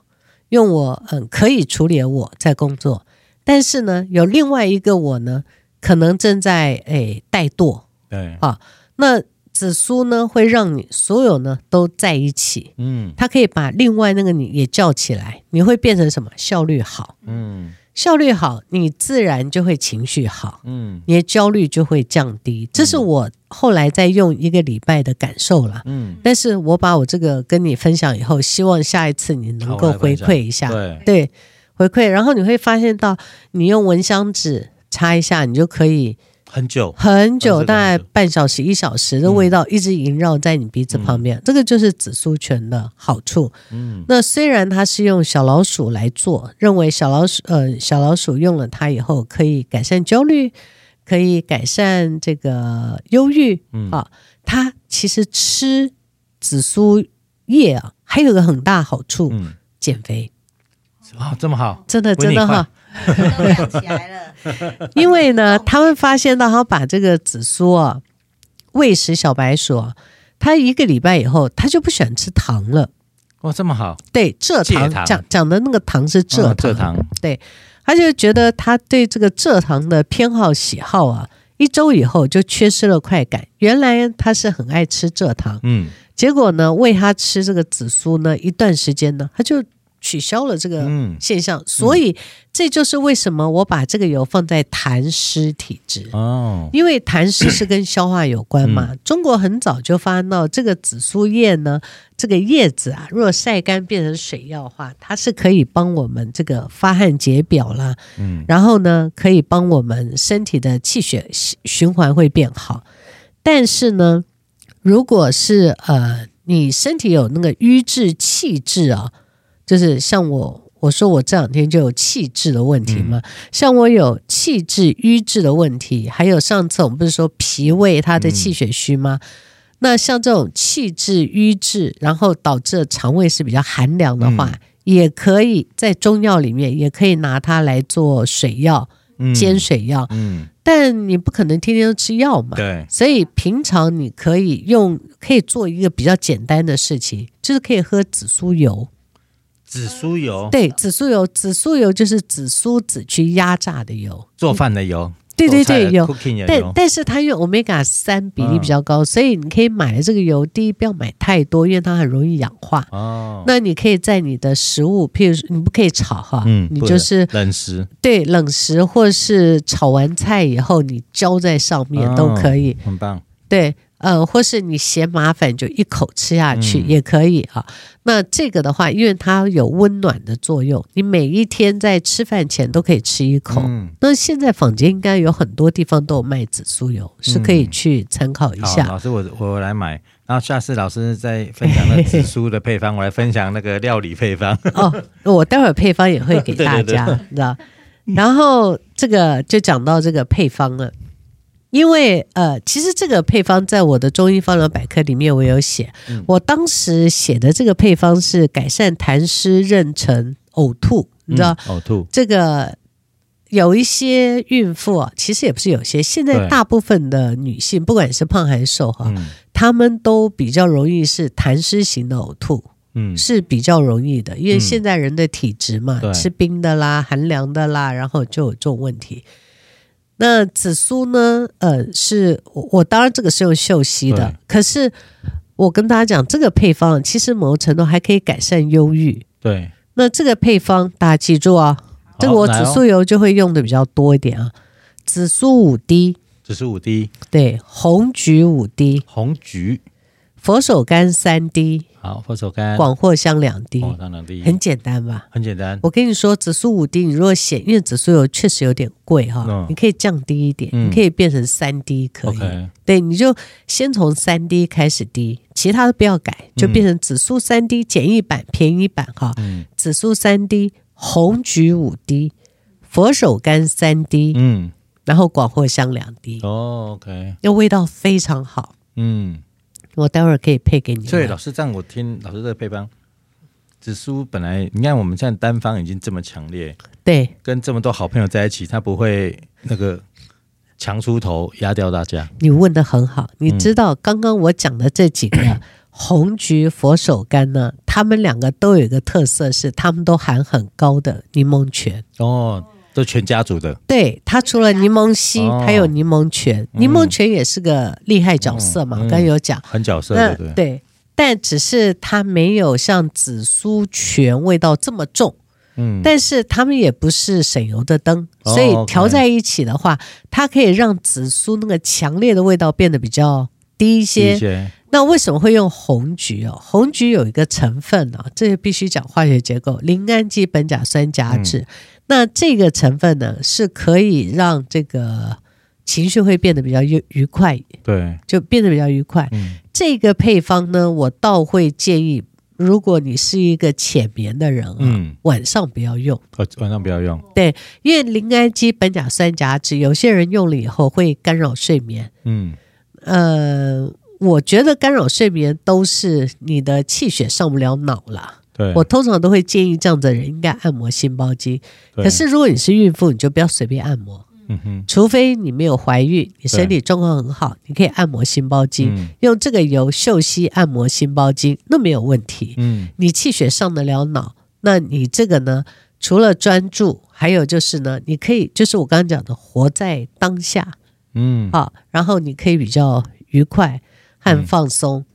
用我嗯可以處理的我在工作，但是呢，有另外一個我呢，可能正在誒、哎、怠惰，對好、啊，那。紫蘇呢，會讓你所有呢都在一起，嗯，它可以把另外那個你也叫起來，你會變成什麼？效率好，嗯，效率好，你自然就會情緒好，嗯，你的焦慮就會降低。這是我後來在用一個禮拜的感受了，嗯，但是我把我這個跟你分享以後，希望下一次你能夠回饋一下，好對，對，回饋，然後你會發現到你用聞香紙擦一下，你就可以。很久，很久，大概半小時很久，一小時的味道一直縈繞在你鼻子旁邊，嗯、這個就是紫蘇醛的好處。嗯，那雖然它是用小老鼠來做，認為小老鼠，呃，小老鼠用了它以後可以改善焦慮，可以改善這個憂鬱。嗯啊，它其實吃紫蘇葉啊，還有個很大好處，嗯、減肥。哇、哦，這麼好，真的真的哈。起來了， 因為呢，他們發現到他把這個紫蘇啊餵食小白鼠，啊，他一個禮拜以後，他就不喜歡吃糖了。哇，哦，這麼好！對，蔗糖，糖講講的那個糖是蔗糖，哦，蔗糖，對，他就覺得他對這個蔗糖的偏好喜好啊，一周以後就缺失了快感。原來他是很愛吃蔗糖，嗯，結果呢，餵他吃這個紫蘇呢，一段時間呢，他就。取消了這個現象，嗯、所以這就是為什麼我把這個油放在痰濕體質哦，因為痰濕是跟消化有關嘛。嗯、中國很早就發到這個紫蘇葉呢，嗯、這個葉子啊，若曬乾變成水藥的話，它是可以幫我們這個發汗解表啦，嗯、然後呢，可以幫我們身體的氣血循環會變好。但是呢，如果是呃，你身體有那個瘀滯氣滯啊。就是像我，我說我這兩天就有氣滯的問題嘛，嗯、像我有氣滯瘀滯的問題，還有上次我們不是說脾胃它的氣血虛嗎？嗯、那像這種氣滯瘀滯，然後導致腸胃是比較寒涼的話，嗯、也可以在中藥裡面也可以拿它來做水藥，嗯、煎水藥。嗯，嗯，但你不可能天天都吃藥嘛。對。所以平常你可以用，可以做一個比較簡單的事情，就是可以喝紫蘇油。紫蘇油對，紫蘇油，紫蘇油就是紫蘇籽去壓榨的油，做飯的油，對對對，油，但但是它因為歐米伽三比例比較高，所以你可以買這個油，第一不要買太多，因為它很容易氧化。哦，那你可以在你的食物，譬如說你不可以炒哈，嗯，你就是冷食，對，冷食或是炒完菜以後你澆在上面都可以，很棒，對。呃，或是你嫌麻煩，就一口吃下去、嗯、也可以啊。那這個的話，因為它有溫暖的作用，你每一天在吃飯前都可以吃一口。那、嗯、現在坊間應該有很多地方都有賣紫蘇油，是可以去參考一下。嗯哦、老師我，我我來買。然後下次老師再分享那紫蘇的配方，嘿嘿我來分享那個料理配方。哦，我待會兒配方也會給大家， 對對對對知道。然後這個就講到這個配方了。因為呃，其實這個配方在我的中醫方藥百科裡面我有寫，嗯、我當時寫的這個配方是改善痰濕妊娠嘔吐，你知道？嗯、嘔吐這個有一些孕婦，其實也不是有些，現在大部分的女性，對不管是胖還是瘦哈，他、嗯、們都比較容易是痰濕型的嘔吐，嗯，是比較容易的，因為現在人的體質嘛，嗯、吃冰的啦、寒涼的啦，然後就有這種問題。那紫蘇呢？呃，是我當然這個是用秀西的，對可是我跟大家講，這個配方其實某種程度還可以改善憂鬱。對，那這個配方大家記住啊、哦，好這個我紫蘇油就會用的比較多一點啊，哦、紫蘇五滴，紫蘇五滴，對，紅橘五滴，紅橘。佛手柑三滴，好，佛手柑，廣藿香兩滴，很簡單吧？很簡單。我跟你說，紫蘇五滴，你如果嫌因為紫蘇油確實有點貴哈，你可以降低一點，你可以變成三滴，可以。對，你就先從三滴開始滴，其他的不要改，就變成紫蘇三滴簡易版、便宜版哈。紫蘇三滴，紅橘五滴，佛手柑三滴，嗯，然後廣藿香兩滴。哦，OK，那味道非常好，嗯。我待會兒可以配給你。所以老師這樣，我聽老師這個配方，紫蘇本來，你看我們現在單方已經這麼強烈，對，跟這麼多好朋友在一起，他不會那個強出頭壓掉大家。你問得很好，你知道剛剛我講的這幾個、嗯、紅橘、佛手柑呢，他們兩個都有一個特色是，是他們都含很高的檸檬醛哦。都全家族的，對，它除了檸檬烯，還有檸檬醛，檸、哦嗯、檬醛也是個厲害角色嘛。剛、嗯嗯、才有講很角色，對對那對，但只是它沒有像紫蘇醛味道這麼重，嗯，但是它們也不是省油的燈，所以調在一起的話，哦 okay、它可以讓紫蘇那個強烈的味道變得比較低一些。一些那為什麼會用紅橘？哦？紅橘有一個成分呢，這個必須講化學結構，鄰氨基苯甲酸甲酯。嗯那這個成分呢，是可以讓這個情緒會變得比較愉愉快，對，就變得比較愉快。嗯、這個配方呢，我倒會建議，如果你是一個淺眠的人啊、嗯晚呃，晚上不要用，哦，晚上不要用，對，因為鄰氨基苯甲酸甲酯，有些人用了以後會干擾睡眠。嗯，呃，我覺得干擾睡眠都是你的氣血上不了腦了。對我通常都會建議這樣子的人應該按摩心包經，對可是如果你是孕婦，你就不要隨便按摩。嗯哼，除非你沒有懷孕，你身體狀況很好，對你可以按摩心包經，嗯、用這個油嗅吸按摩心包經，那沒有問題。嗯，你氣血上得了腦，那你這個呢？除了專注，還有就是呢，你可以就是我剛剛講的活在當下。嗯，好、啊，然後你可以比較愉快和放鬆。嗯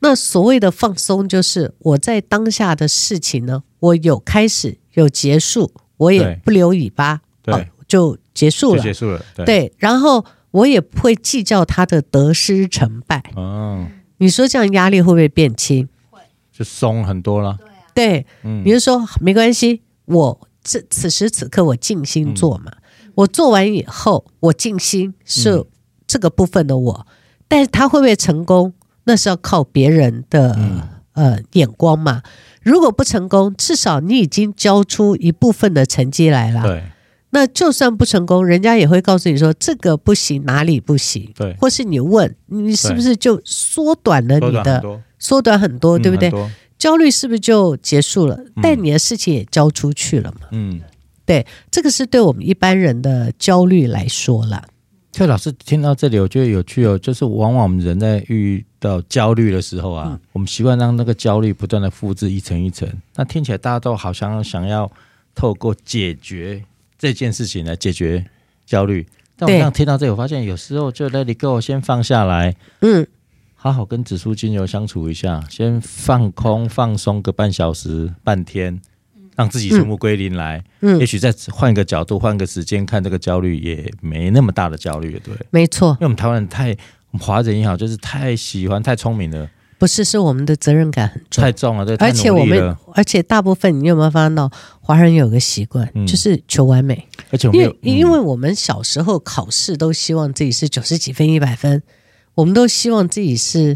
那所謂的放鬆，就是我在當下的事情呢，我有開始有結束，我也不留尾巴，對、哦，就結束了，結束了。對，對，然後我也不會計較他的得失成敗。哦，你說這樣壓力會不會變輕？會，就鬆很多了。對啊，對，你就、嗯、說沒關係，我這此時此刻我靜心做嘛，嗯、我做完以後我靜心是這個部分的我，嗯、但是他會不會成功？那是要靠別人的、嗯、呃眼光嘛？如果不成功，至少你已經交出一部分的成績來了。對，那就算不成功，人家也會告訴你說這個不行，哪裡不行？對，或是你問你是不是就縮短了你的縮短，縮短很多，對不對？嗯、焦慮是不是就結束了？但你的事情也交出去了嘛？嗯，對，這個是對我們一般人的焦慮來說了。蔡老師聽到這裡，我覺得有趣哦，就是往往我們人的與。到焦慮的時候啊，嗯、我們習慣讓那個焦慮不斷的複製一層一層。那聽起來大家都好像想要透過解決這件事情來解決焦慮。但我剛聽到這裡，對我發現有時候就 Let It Go，先放下來，嗯，好好跟紫蘇精油相處一下，先放空、放鬆個半小時、半天，讓自己全部歸零來。嗯，嗯也許再換個角度、換個時間看這個焦慮，也沒那麼大的焦慮。對，沒錯錯，因為我們台灣人太。華人也好，就是太喜歡太聰明了，不是，是我們的責任感很重太重了，嗯，而且我們，而且大部分，你有沒有發現到，華人有個習慣，嗯、就是求完美，有有嗯、因為因為我們小時候考試都希望自己是九十幾分一百分，我們都希望自己是。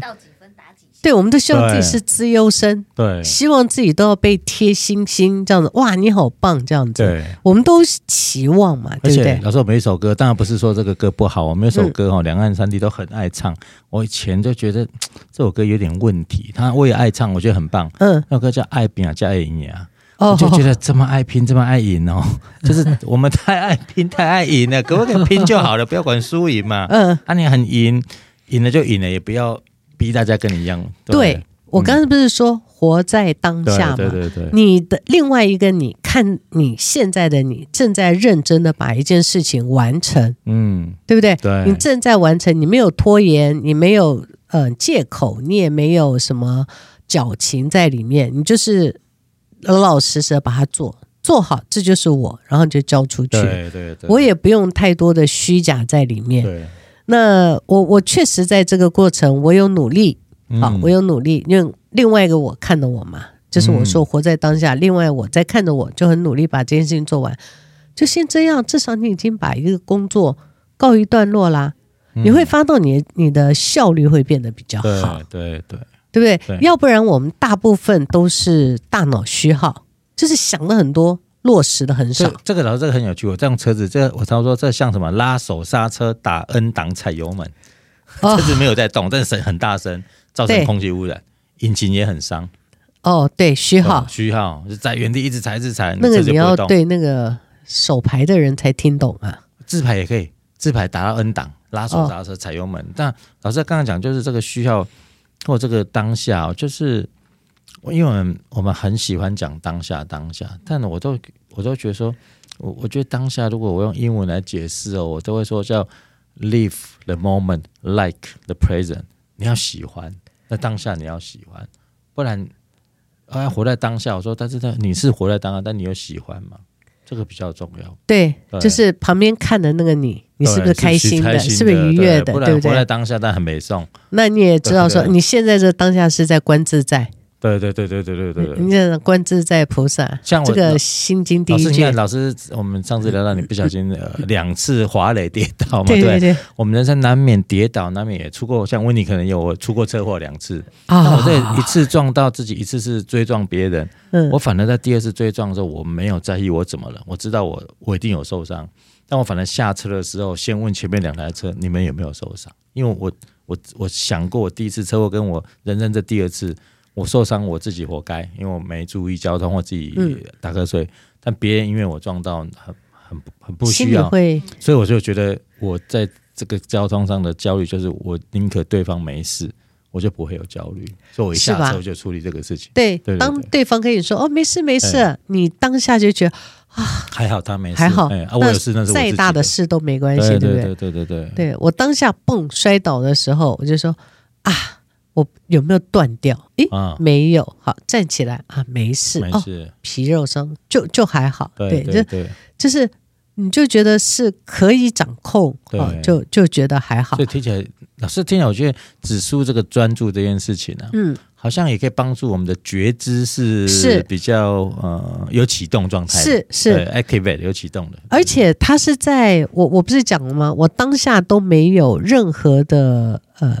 對，我們都希望自己是資優生，對，希望自己都要被貼星星這樣子。哇，你好棒這樣子，對我們都是期望嘛。對不對老師，每一首歌當然不是說這個歌不好，我們每一首歌哦，嗯、兩岸三地都很愛唱。我以前就覺得這首歌有點問題，他我也愛唱，我覺得很棒。嗯，那歌叫愛拼啊，叫愛贏啊，我就覺得這麼愛拼，這麼愛贏哦，就是我們太愛拼太愛贏了，可不可以拼就好了， 不要管輸贏嘛。嗯，啊，你很贏，贏了就贏了，也不要。逼大家跟你一樣。對，對我剛才不是說活在當下嗎？對對對。對對對你的另外一個，你看你現在的你正在認真的把一件事情完成，嗯，對不對？對。你正在完成，你沒有拖延，你沒有呃借口，你也沒有什麼矯情在裡面，你就是老老實實地把它做做好，這就是我，然後就交出去對。對對。我也不用太多的虛假在裡面。對。那我我確實在這個過程，我有努力，好、嗯哦，我有努力。因為另外一個我看着我嘛，就是我說活在當下。嗯、另外我在看着我就很努力把這件事情做完，就先這樣，至少你已經把一個工作告一段落啦。嗯、你會發到你你的效率會變得比較好，對對對，對對對不對？對對，要不然我們大部分都是大腦虛耗，就是想了很多。落實的很少。這個老師，這個很有趣。我這用車子，這個、我常說這像什麼？拉手剎車，打 N 檔，踩油門，哦、車子沒有在動，但聲很大聲，造成空氣污染，對引擎也很傷。哦，對，虛耗虛耗在原地一直踩，一直踩，那個你要就不對那個手排的人才聽懂啊。自排也可以，自排打到 N 檔，拉手剎車，踩油門。哦、但老師剛剛講就是這個需要或這個當下就是。我因為我們，我們很喜歡講當下當下，但我都我都覺得說我我覺得當下如果我用英文來解釋哦，我都會說叫 live the moment like the present。你要喜歡那當下你要喜歡，不然啊活在當下。我說，但是呢，你是活在當下，但你有喜歡嗎？這個比較重要。對，對就是旁邊看的那個你，你是不是開心的？是，心的是不是愉悅的？對不對？不活在當下，對對但很沒送。那你也知道說，對對你現在這當下是在觀自在。對對對對對對對，對，你看，觀自在菩薩，像我這個心經第一句。老。老師，我們上次聊到你不小心兩、 呃、次滑壘跌倒嘛？對對對。對我們人生難免跌倒，難免也出過，像溫妮，可能有我出過車禍兩次。啊、哦、我這一次撞到自己，一次是追撞別人。嗯、哦。我反而在第二次追撞的時候，我沒有在意我怎麼了。我知道我我一定有受傷，但我反正下車的時候先問前面兩台車，你們有沒有受傷？因為我我我想過，我第一次車禍跟我人生的第二次。我受傷，我自己活該，因為我沒注意交通，我自己打瞌睡。嗯、但別人因為我撞到很，很很很不需要，所以我就覺得我在這個交通上的焦慮，就是我寧可對方沒事，我就不會有焦慮，所以我一下車就處理這個事情。吧對，當對方跟你說“哦，沒事，沒事”，對你當下就覺得啊，還好他沒事，還好啊，我有事那是再大的事都沒關係，對不對？對對對對，對我當下蹦摔倒的時候，我就說啊。我有沒有斷掉？哎，沒有。好，站起來啊，沒事，沒事、哦、皮肉傷就就還好。對，這是你就覺得是可以掌控，對哦、就就覺得還好。所以聽起來，老師聽起來我覺得紫蘇這個專注這件事情呢、啊，嗯，好像也可以幫助我們的覺知是比較是呃有啟動狀態，是是 activate 有啟動的，對而且它是在我我不是講了嗎？我當下都沒有任何的呃。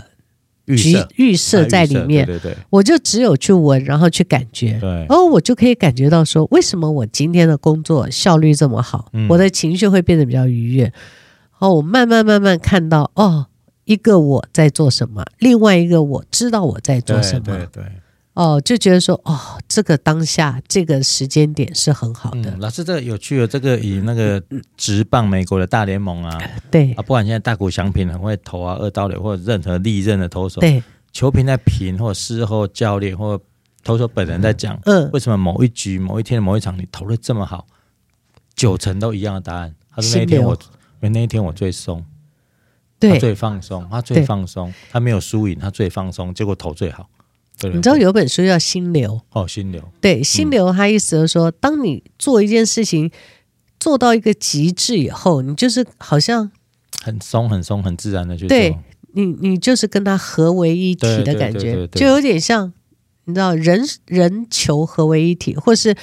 預設預設在裡面，啊、對對對，我就只有去聞，然後去感覺，哦對，我就可以感覺到說，為什麼我今天的工作效率這麼好？嗯、我的情緒會變得比較愉悅。哦，我慢慢慢慢看到，哦，一個我在做什麼，另外一個我知道我在做什麼，對對對哦，就覺得說哦，這個當下這個時間點是很好的。嗯、老師，這個有趣的，這個以那個職棒美國的大聯盟啊，對啊，不管現在大谷翔平很會投啊，二刀流或者任何利刃的投手，對，球評在評或者事後教練或者投手本人在講，嗯，嗯，為什麼某一局某一天某一場你投的這麼好？嗯、九成都一樣的答案，他說那一天我，沒那天一天我最鬆，對，他最放鬆，他最放鬆，對他沒有輸贏，他最放鬆，結果投最好。對對對，你知道有本書叫《心流》哦，《心流》對，《心流》它，意思是說，嗯、當你做一件事情做到一個極致以後，你就是好像很鬆、很鬆、很自然的就，對，你你就是跟它合為一體的感覺，就有點像你知道，人人球合為一體，或是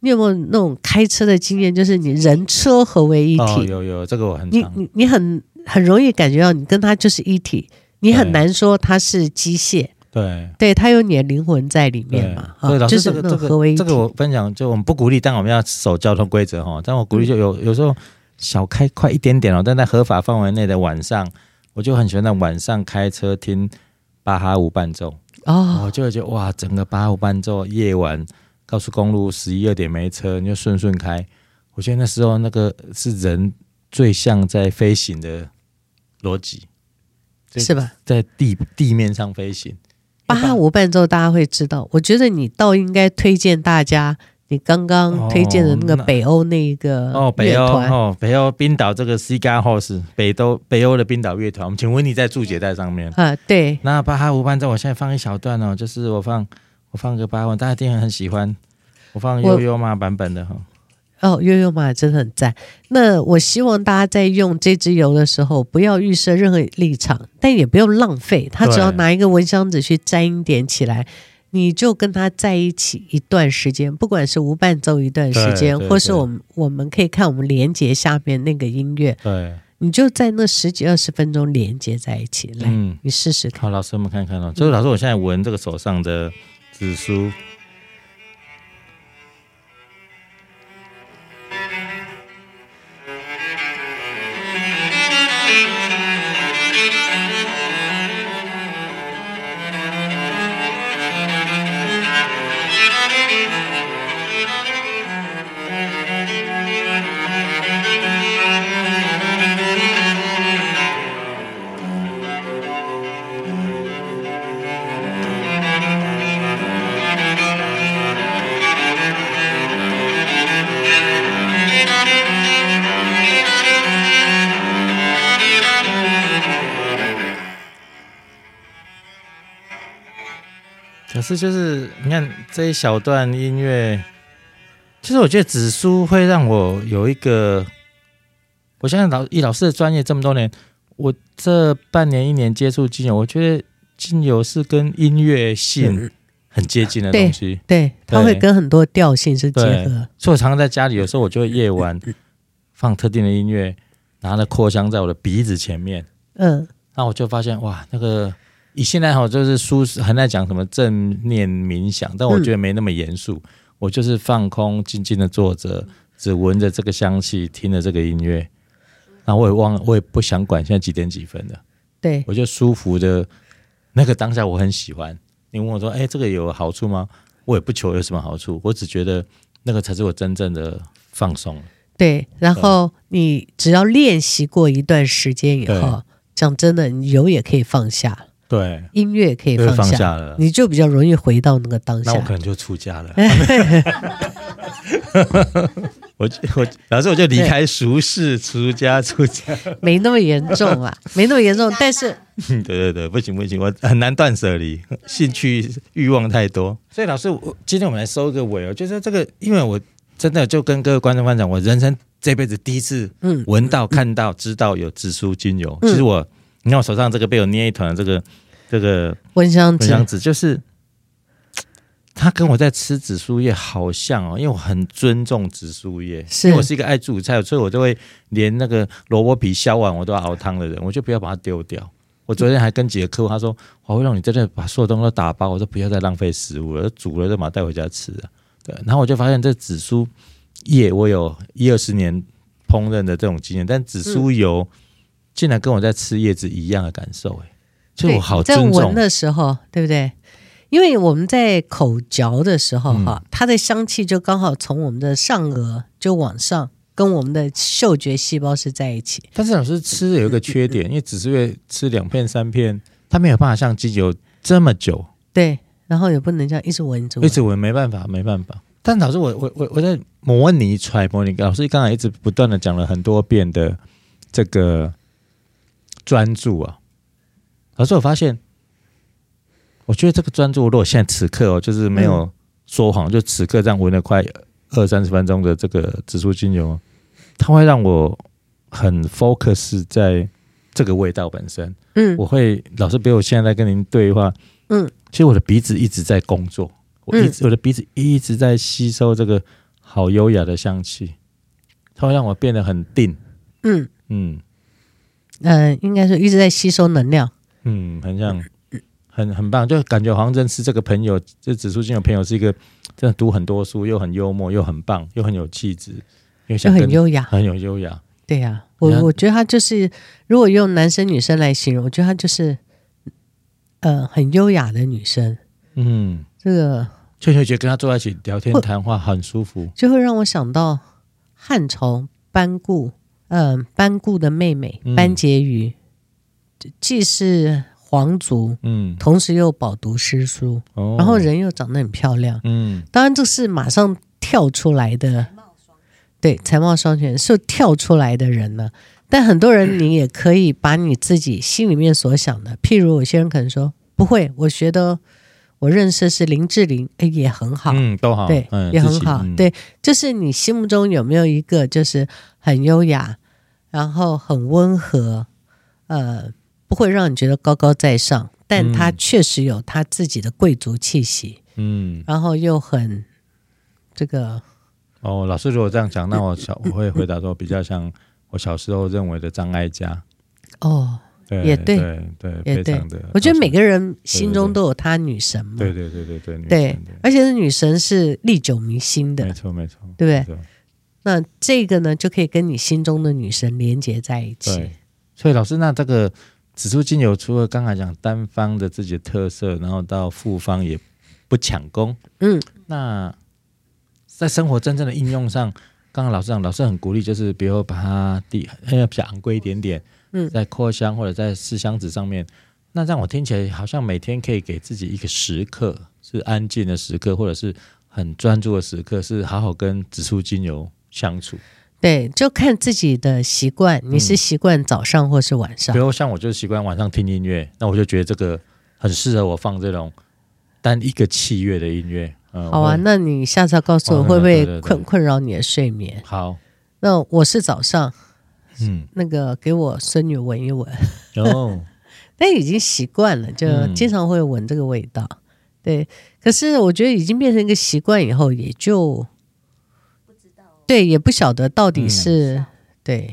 你有沒有那種開車的經驗，就是你人車合為一體？哦、有有，這個我很你你你很很容易感覺到你跟它就是一體，你很難說它是機械。對，對他有你的靈魂在裡面嘛，就是合為一、這個。這個我分享，就我們不鼓勵，但我們要守交通規則哈。但我鼓勵，就有、嗯、有時候小開快一點點哦。但在合法範圍內的晚上，我就很喜歡在晚上開車聽巴哈無伴奏哦，我就覺得哇，整個巴哈無伴奏夜晚高速公路十一二點沒車，你就順順開。我覺得那時候那個是人最像在飛行的邏輯，是吧？在地地面上飛行。巴哈無伴奏，大家會知道。我覺得你倒應該推薦大家，你剛剛推薦的那個北歐那個樂團，哦哦、北歐冰島這個 Sigur Rós，北歐北歐，北歐的冰島樂團。樂團我們請問你在注解在上面？啊，對。那巴哈無伴奏，我現在放一小段哦，就是我放我放個巴哈，大家一定很喜歡。我放友友馬版本的哈、哦。哦，悠悠媽真的很讚。那我希望大家在用這支油的時候，不要預設任何立場，但也不要浪費。他只要拿一個聞香紙去沾一點起來，對你就跟他在一起一段時間。不管是無伴奏一段時間，或是我們我們可以看我們連接下面那個音樂，對，你就在那十幾二十分鐘連接在一起。來，嗯、你試試看。好，老師，我們看看哦。就是老師，我現在聞這個手上的紫蘇。這就是你看這一小段音樂，其實我覺得紫蘇會讓我有一個，我現在 Liza 老師的專業這麼多年，我這半年一年接觸精油，我覺得精油是跟音樂性很接近的東西，對，它對會跟很多調性是結合。所以我常常在家裡，有時候我就會夜晚放特定的音樂，拿著擴香在我的鼻子前面，嗯，那我就發現哇，那個。你現在好，就是書還在講什麼正念冥想，但我覺得沒那麼嚴肅。嗯、我就是放空，靜靜的坐着，只聞着這個香氣，聽着這個音樂。那我也忘了，我也不想管現在幾點幾分了。對，我就舒服的，那個當下我很喜歡。你問我說，哎、欸，這個有好處嗎？我也不求有什麼好處，我只覺得那個才是我真正的放鬆。對，然後你只要練習過一段時間以後，講對真的，你有也可以放下。對，音樂可以放下了，你就比較容易回到那個當下。我可能就出家了。我我老師，我就離開俗世，出家出家。沒那麼嚴重啊，沒那麼嚴重。但是，對對對，不行不行，我很難斷舍離，興趣欲望太多。所以老師，我今天我們來收個尾哦。就是這個，因為我真的就跟各位觀眾講，我人生這輩子第一次，嗯，聞到、看到、知道有紫蘇精油。其實我，你看我手上這個被我捏一團這個。這個蚊香子，子，就是，它跟我在吃紫蘇葉好像哦，嗯、因為我很尊重紫蘇葉，是我是一個愛煮菜，所以我就會連那個蘿蔔皮削完，我都要熬湯的人，我就不要把它丟掉。我昨天還跟幾個客戶他說，嗯、我會讓你在這把所有東西都打包，我說不要再浪費食物了，我煮了就把它帶回家吃了對，然後我就發現這紫蘇葉我有一二十年烹飪的這種經驗，但紫蘇油、嗯、竟然跟我在吃葉子一樣的感受、欸，誒。我好對在聞的時候，對不對？因為我們在口嚼的時候，哈、嗯，它的香氣就剛好從我們的上顎就往上，跟我們的嗅覺細胞是在一起。但是老師吃有一個缺點，因為只是會吃兩片三片，它沒有辦法像精油這麼久。對，然後也不能這樣一直聞着，一直聞，沒辦法，沒辦法。但老師，我我我我在模擬揣摩你，老師剛才一直不斷的講了很多遍的這個專注啊。可是我發現，我覺得這個專注，如果現在此刻哦，就是沒有說謊，嗯、就此刻這樣聞了快二三十分鐘的這個紫蘇精油，它會讓我很 focus 在這個味道本身。嗯，我會，老師，比如我現在在跟您對話，嗯，其實我的鼻子一直在工作，我一直、嗯、我的鼻子一直在吸收這個好優雅的香氣，它會讓我變得很定。嗯嗯，嗯呃，應該是一直在吸收能量。嗯，很像，很很棒，就感覺黃真是這個朋友，這紫蘇精油的朋友是一個真的讀很多書，又很幽默，又很棒，又很有氣質，又，想又很優雅，很有優雅。對呀、啊，我看我覺得他就是，如果用男生女生來形容，我覺得他就是，呃，很優雅的女生。嗯，這個翠秋姐跟他坐在一起聊天談話很舒服，就會讓我想到漢朝班固，嗯、呃，班固的妹妹班婕妤。嗯既是皇族，嗯，同時又飽讀詩書，哦、然後人又長得很漂亮，嗯，當然這是馬上跳出來的，對，才貌雙全是跳出來的人呢。但很多人，你也可以把你自己心裡面所想的，嗯、譬如有些人可能說不會，我覺得我認識是林志玲，哎，也很好，嗯，都好，對，嗯、也很好，嗯、對，就是你心目中有沒有一個就是很優雅，然後很溫和，呃。不會讓你覺得高高在上，但他確實有他自己的貴族氣息，嗯，然後又很這個。哦，老師，如果這樣講，那我小我會回答說，比較像我小時候認為的張艾嘉。哦，也對，對，也對。我覺得每個人心中都有他女神嘛。對對對對，對，而且是女神是歷久彌新的，沒錯沒錯，對不對？那這個呢，就可以跟你心中的女神連接在一起。所以老師，那這個。紫蘇精油除了剛才講單方的自己的特色，然後到複方也不搶功。嗯，那在生活真正的應用上，剛剛老師講，老師很鼓勵，就是比如說把它地，比較昂貴一點點，嗯，在擴香或者在試香紙上面，嗯，那讓我聽起來好像每天可以給自己一個時刻，是安靜的時刻，或者是很專注的時刻，是好好跟紫蘇精油相處。對，就看自己的習慣，你是習慣早上或是晚上、嗯？比如像我就習慣晚上聽音樂，那我就覺得這個很適合我放這種單一個器樂的音樂。嗯、好啊，會那你下次要告訴我會不會困、啊、對對對困擾你的睡眠？好，那我是早上，嗯，那個給我孫女聞一聞，哦， 但已經習慣了，就經常會聞這個味道。嗯、對，可是我覺得已經變成一個習慣以後，也就。對，也不曉得到底是，對，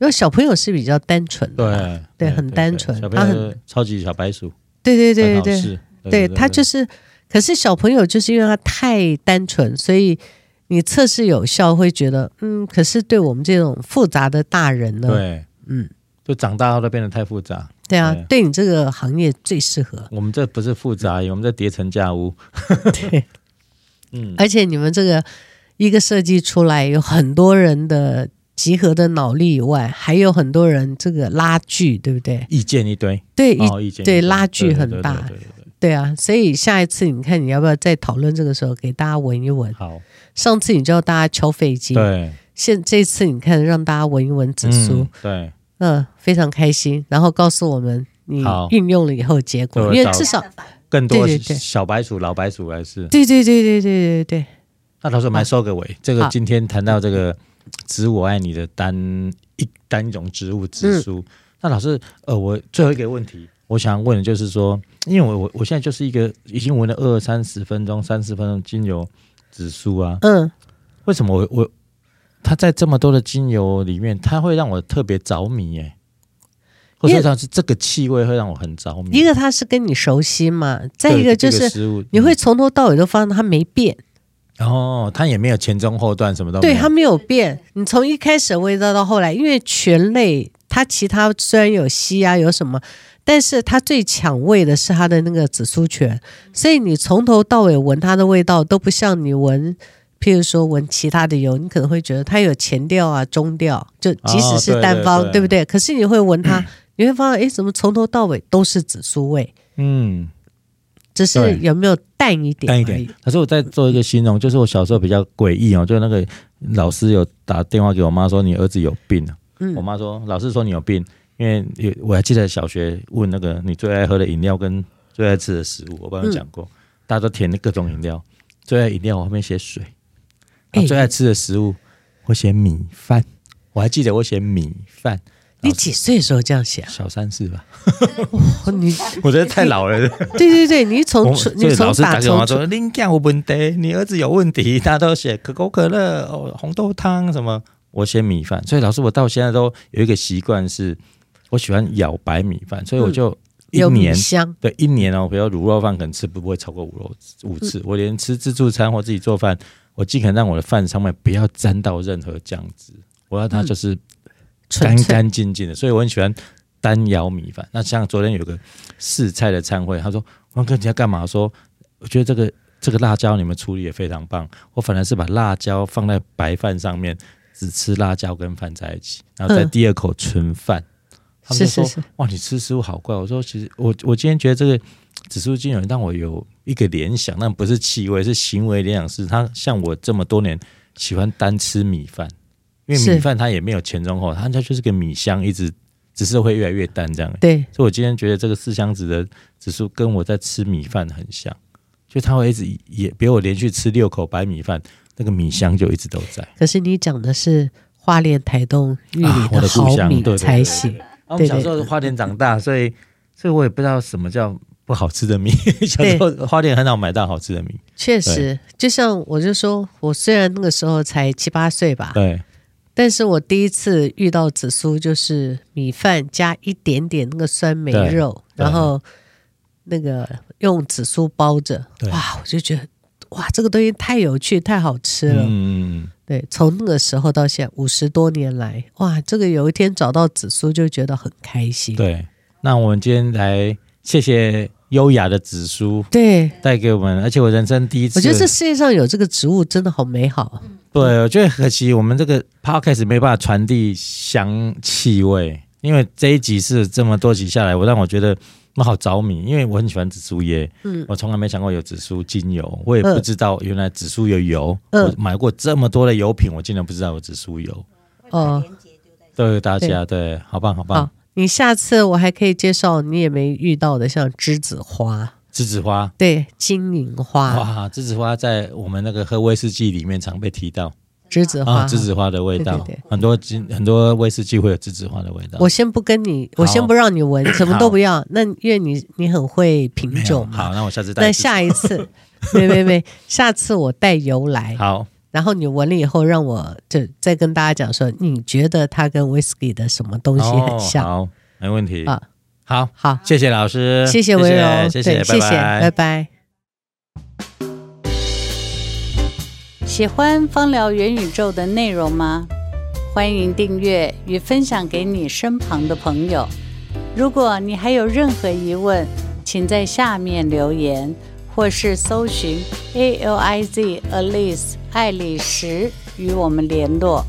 因為小朋友是比較單純，對對，很單純，他很超級小白鼠，對對對對對，他就是，可是小朋友就是因為他太單純，所以你測試有效會覺得，嗯，可是對我們這種複雜的大人呢，對，嗯，就長大後都變得太複雜，對啊，對你這個行業最適合，我們這不是複雜，我們這疊床架屋，對，嗯，而且你們這個。一個設計出來，有很多人的集合的腦力以外，還有很多人這個拉鋸，對不對？意見一堆，對，一對拉鋸很大，對啊，所以下一次你看你要不要再討論這個時候給大家聞一聞？好，上次你叫大家敲肺經，對，現這次你看讓大家聞一聞紫蘇，對，嗯，非常開心。然後告訴我們你應用了以後結果，因為至少更多對小白鼠、老白鼠還是對對對對對對對。那老師，我們還收個尾，這個今天談到這個“植物我愛你”的單一單一種植物紫蘇。是那老師，呃，我最後一個問題，我想問的就是說，因為我我我現在就是一個已經聞了二三十分鐘、三十分鐘精油紫蘇啊，嗯，為什麼我我它在這麼多的精油裡面，它會讓我特別着迷、欸？耶？或者說是這個氣味會讓我很着迷。一個它是跟你熟悉嘛，再一個就是、嗯、你會從頭到尾都發現它沒變。哦，它也沒有前中後段什麼的，對它沒有變。你從一開始的味道到後來，因為醛類，它其他雖然有烯啊有什麼，但是它最搶味的是它的那個紫蘇醛。所以你從頭到尾聞它的味道都不像你聞，譬如說聞其他的油，你可能會覺得它有前調啊中調，就即使是單方、哦、對，對，對，對不對？可是你會聞它，嗯、你會發現哎，怎麼從頭到尾都是紫蘇味？嗯。只是有沒有淡一點？淡一點。可是我在做一個形容，就是我小時候比較詭異哦，就是那個老師有打電話給我媽說你兒子有病了、啊。嗯、我媽說老師說你有病，因為我還記得小學問那個你最愛喝的飲料跟最愛吃的食物，我剛剛講過，嗯、大家都填了各種飲料，最愛飲料我後面寫水，啊欸、最愛吃的食物我寫米飯，我還記得我寫米飯。你幾歲時候這樣寫？小三四吧。哦、你 我覺得太老了。對對對，你從從我你從打電話說，你講我笨，你兒子有問題。他都寫可口可樂哦，紅豆湯什麼， 我寫米飯。所以老師，我到現在都有一個習慣，是我喜歡咬白米飯。所以我就一年、嗯、對一年哦，比如說滷肉飯可能吃不不會超過五肉五次。嗯、我連吃自助餐或自己做飯，我儘可能讓我的飯上面不要沾到任何醬汁。我要它就是。嗯乾乾淨淨的，所以我很喜歡單舀米飯。那像昨天有個試菜的餐會，他說：“王哥，你要幹嘛？”我說：“我覺得這個這個辣椒你們處理也非常棒。我反而是把辣椒放在白飯上面，只吃辣椒跟飯在一起，然後在第二口純飯。嗯、他們就說：‘是是是哇，你吃食物好怪。’我說：‘其實我我今天覺得這個紫蘇精油讓我有一個聯想，但不是氣味，是行為聯想，是他像我這麼多年喜歡單吃米飯。’因為米飯它也沒有前中後，它家就是個米香，一直只是會越來越淡這樣。對，所以我今天覺得這個四香子的指數跟我在吃米飯很像，就它會一直也比我連續吃六口白米飯，那個米香就一直都在。可是你講的是花蓮台東玉里的好米才行。啊、我小時候花蓮長大，所以所以我也不知道什麼叫不好吃的米。對 小時候花蓮很少買到好吃的米，對對確實，就像我就說我雖然那個時候才七八歲吧，對。但是我第一次遇到紫蘇就是米飯加一點點那個酸梅肉，然後那個用紫蘇包着，對哇！我就覺得哇，這個東西太有趣，太好吃了。嗯對。從那個時候到現在五十多年來，哇，這個有一天找到紫蘇就覺得很開心。對，那我們今天來謝謝。優雅的紫蘇，對，帶給我們，而且我人生第一次，我覺得這世界上有這個植物真的好美好、啊。嗯、對，我覺得可惜我們這個 podcast 沒辦法傳遞香氣味，因為這一集是這麼多集下來，我讓我覺得我好着迷，因為我很喜歡紫蘇葉。嗯，我從來沒想過有紫蘇精油，我也不知道原來紫蘇有油。嗯呃、我買過這麼多的油品，我竟然不知道有紫蘇油。哦，對大家，對，對，對，好棒，好棒。哦你下次我還可以介紹你也沒遇到的，像梔子花，梔子花，對，金銀花。哇，梔子花在我們那個喝威士忌裡面常被提到。梔子花，哦、梔子花的味道，對對對，很多金很多威士忌會有梔子花的味道。我先不跟你，我先不讓你聞，好什麼都不要。好那因為你你很會品酒嘛。好，那我下次帶。那下一次， 沒沒沒，下次我帶油來。好。然後你聞了以後，讓我就再跟大家講說，你覺得它跟威士忌的什麼東西很像？哦、好，沒問題啊。好好，好謝謝老師，謝謝微柔，謝謝，謝拜謝對拜拜。謝謝拜拜喜歡《芳療元宇宙》的內容嗎？歡迎訂閱與分享給你身旁的朋友。如果你還有任何疑問，請在下面留言。或是搜尋 A L I Z Alice 愛麗絲與我們聯絡。